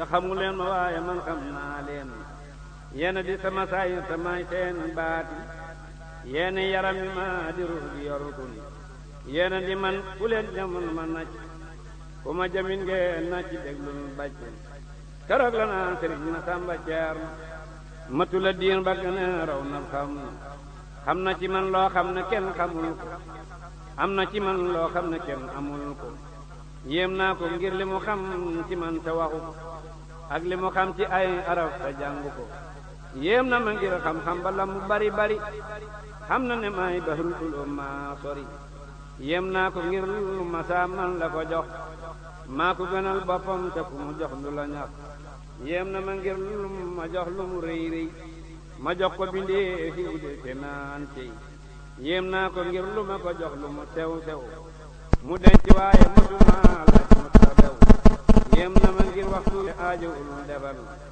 te xamu ma waaye man xam naa leen yéena di sama saayir may seen baati yéena yaram mi ma di ruux di yorukun yéena di man ku leen jamoon ma nacc ku ma jamin ngeen nacc déglul bàcce keroog la naan na sàmba ceer matu la ba gën a raw xam xam ci man loo xam ne kenn xamul ko am na ci man loo xam ne kenn ko yéem naa ko ngir li mu xam ci man te waxu ak li mu xam ci ay arab te jàng ko na ma ngir xam-xam mu bari bari xam na ne may bahrul ulama sori yéem naa ko ngir lu saa man la ko jox maa ko gënal boppam te ku mu jox lu la ñax yéem na ma ngir ma jox lu mu rëy ma jox ko bindee fi ude te naan tey yéem naa ko ngir lu ma ko jox lu sew sew mu denc waaye mosuma laaj yem na ma ngir waxtu aajo ul defal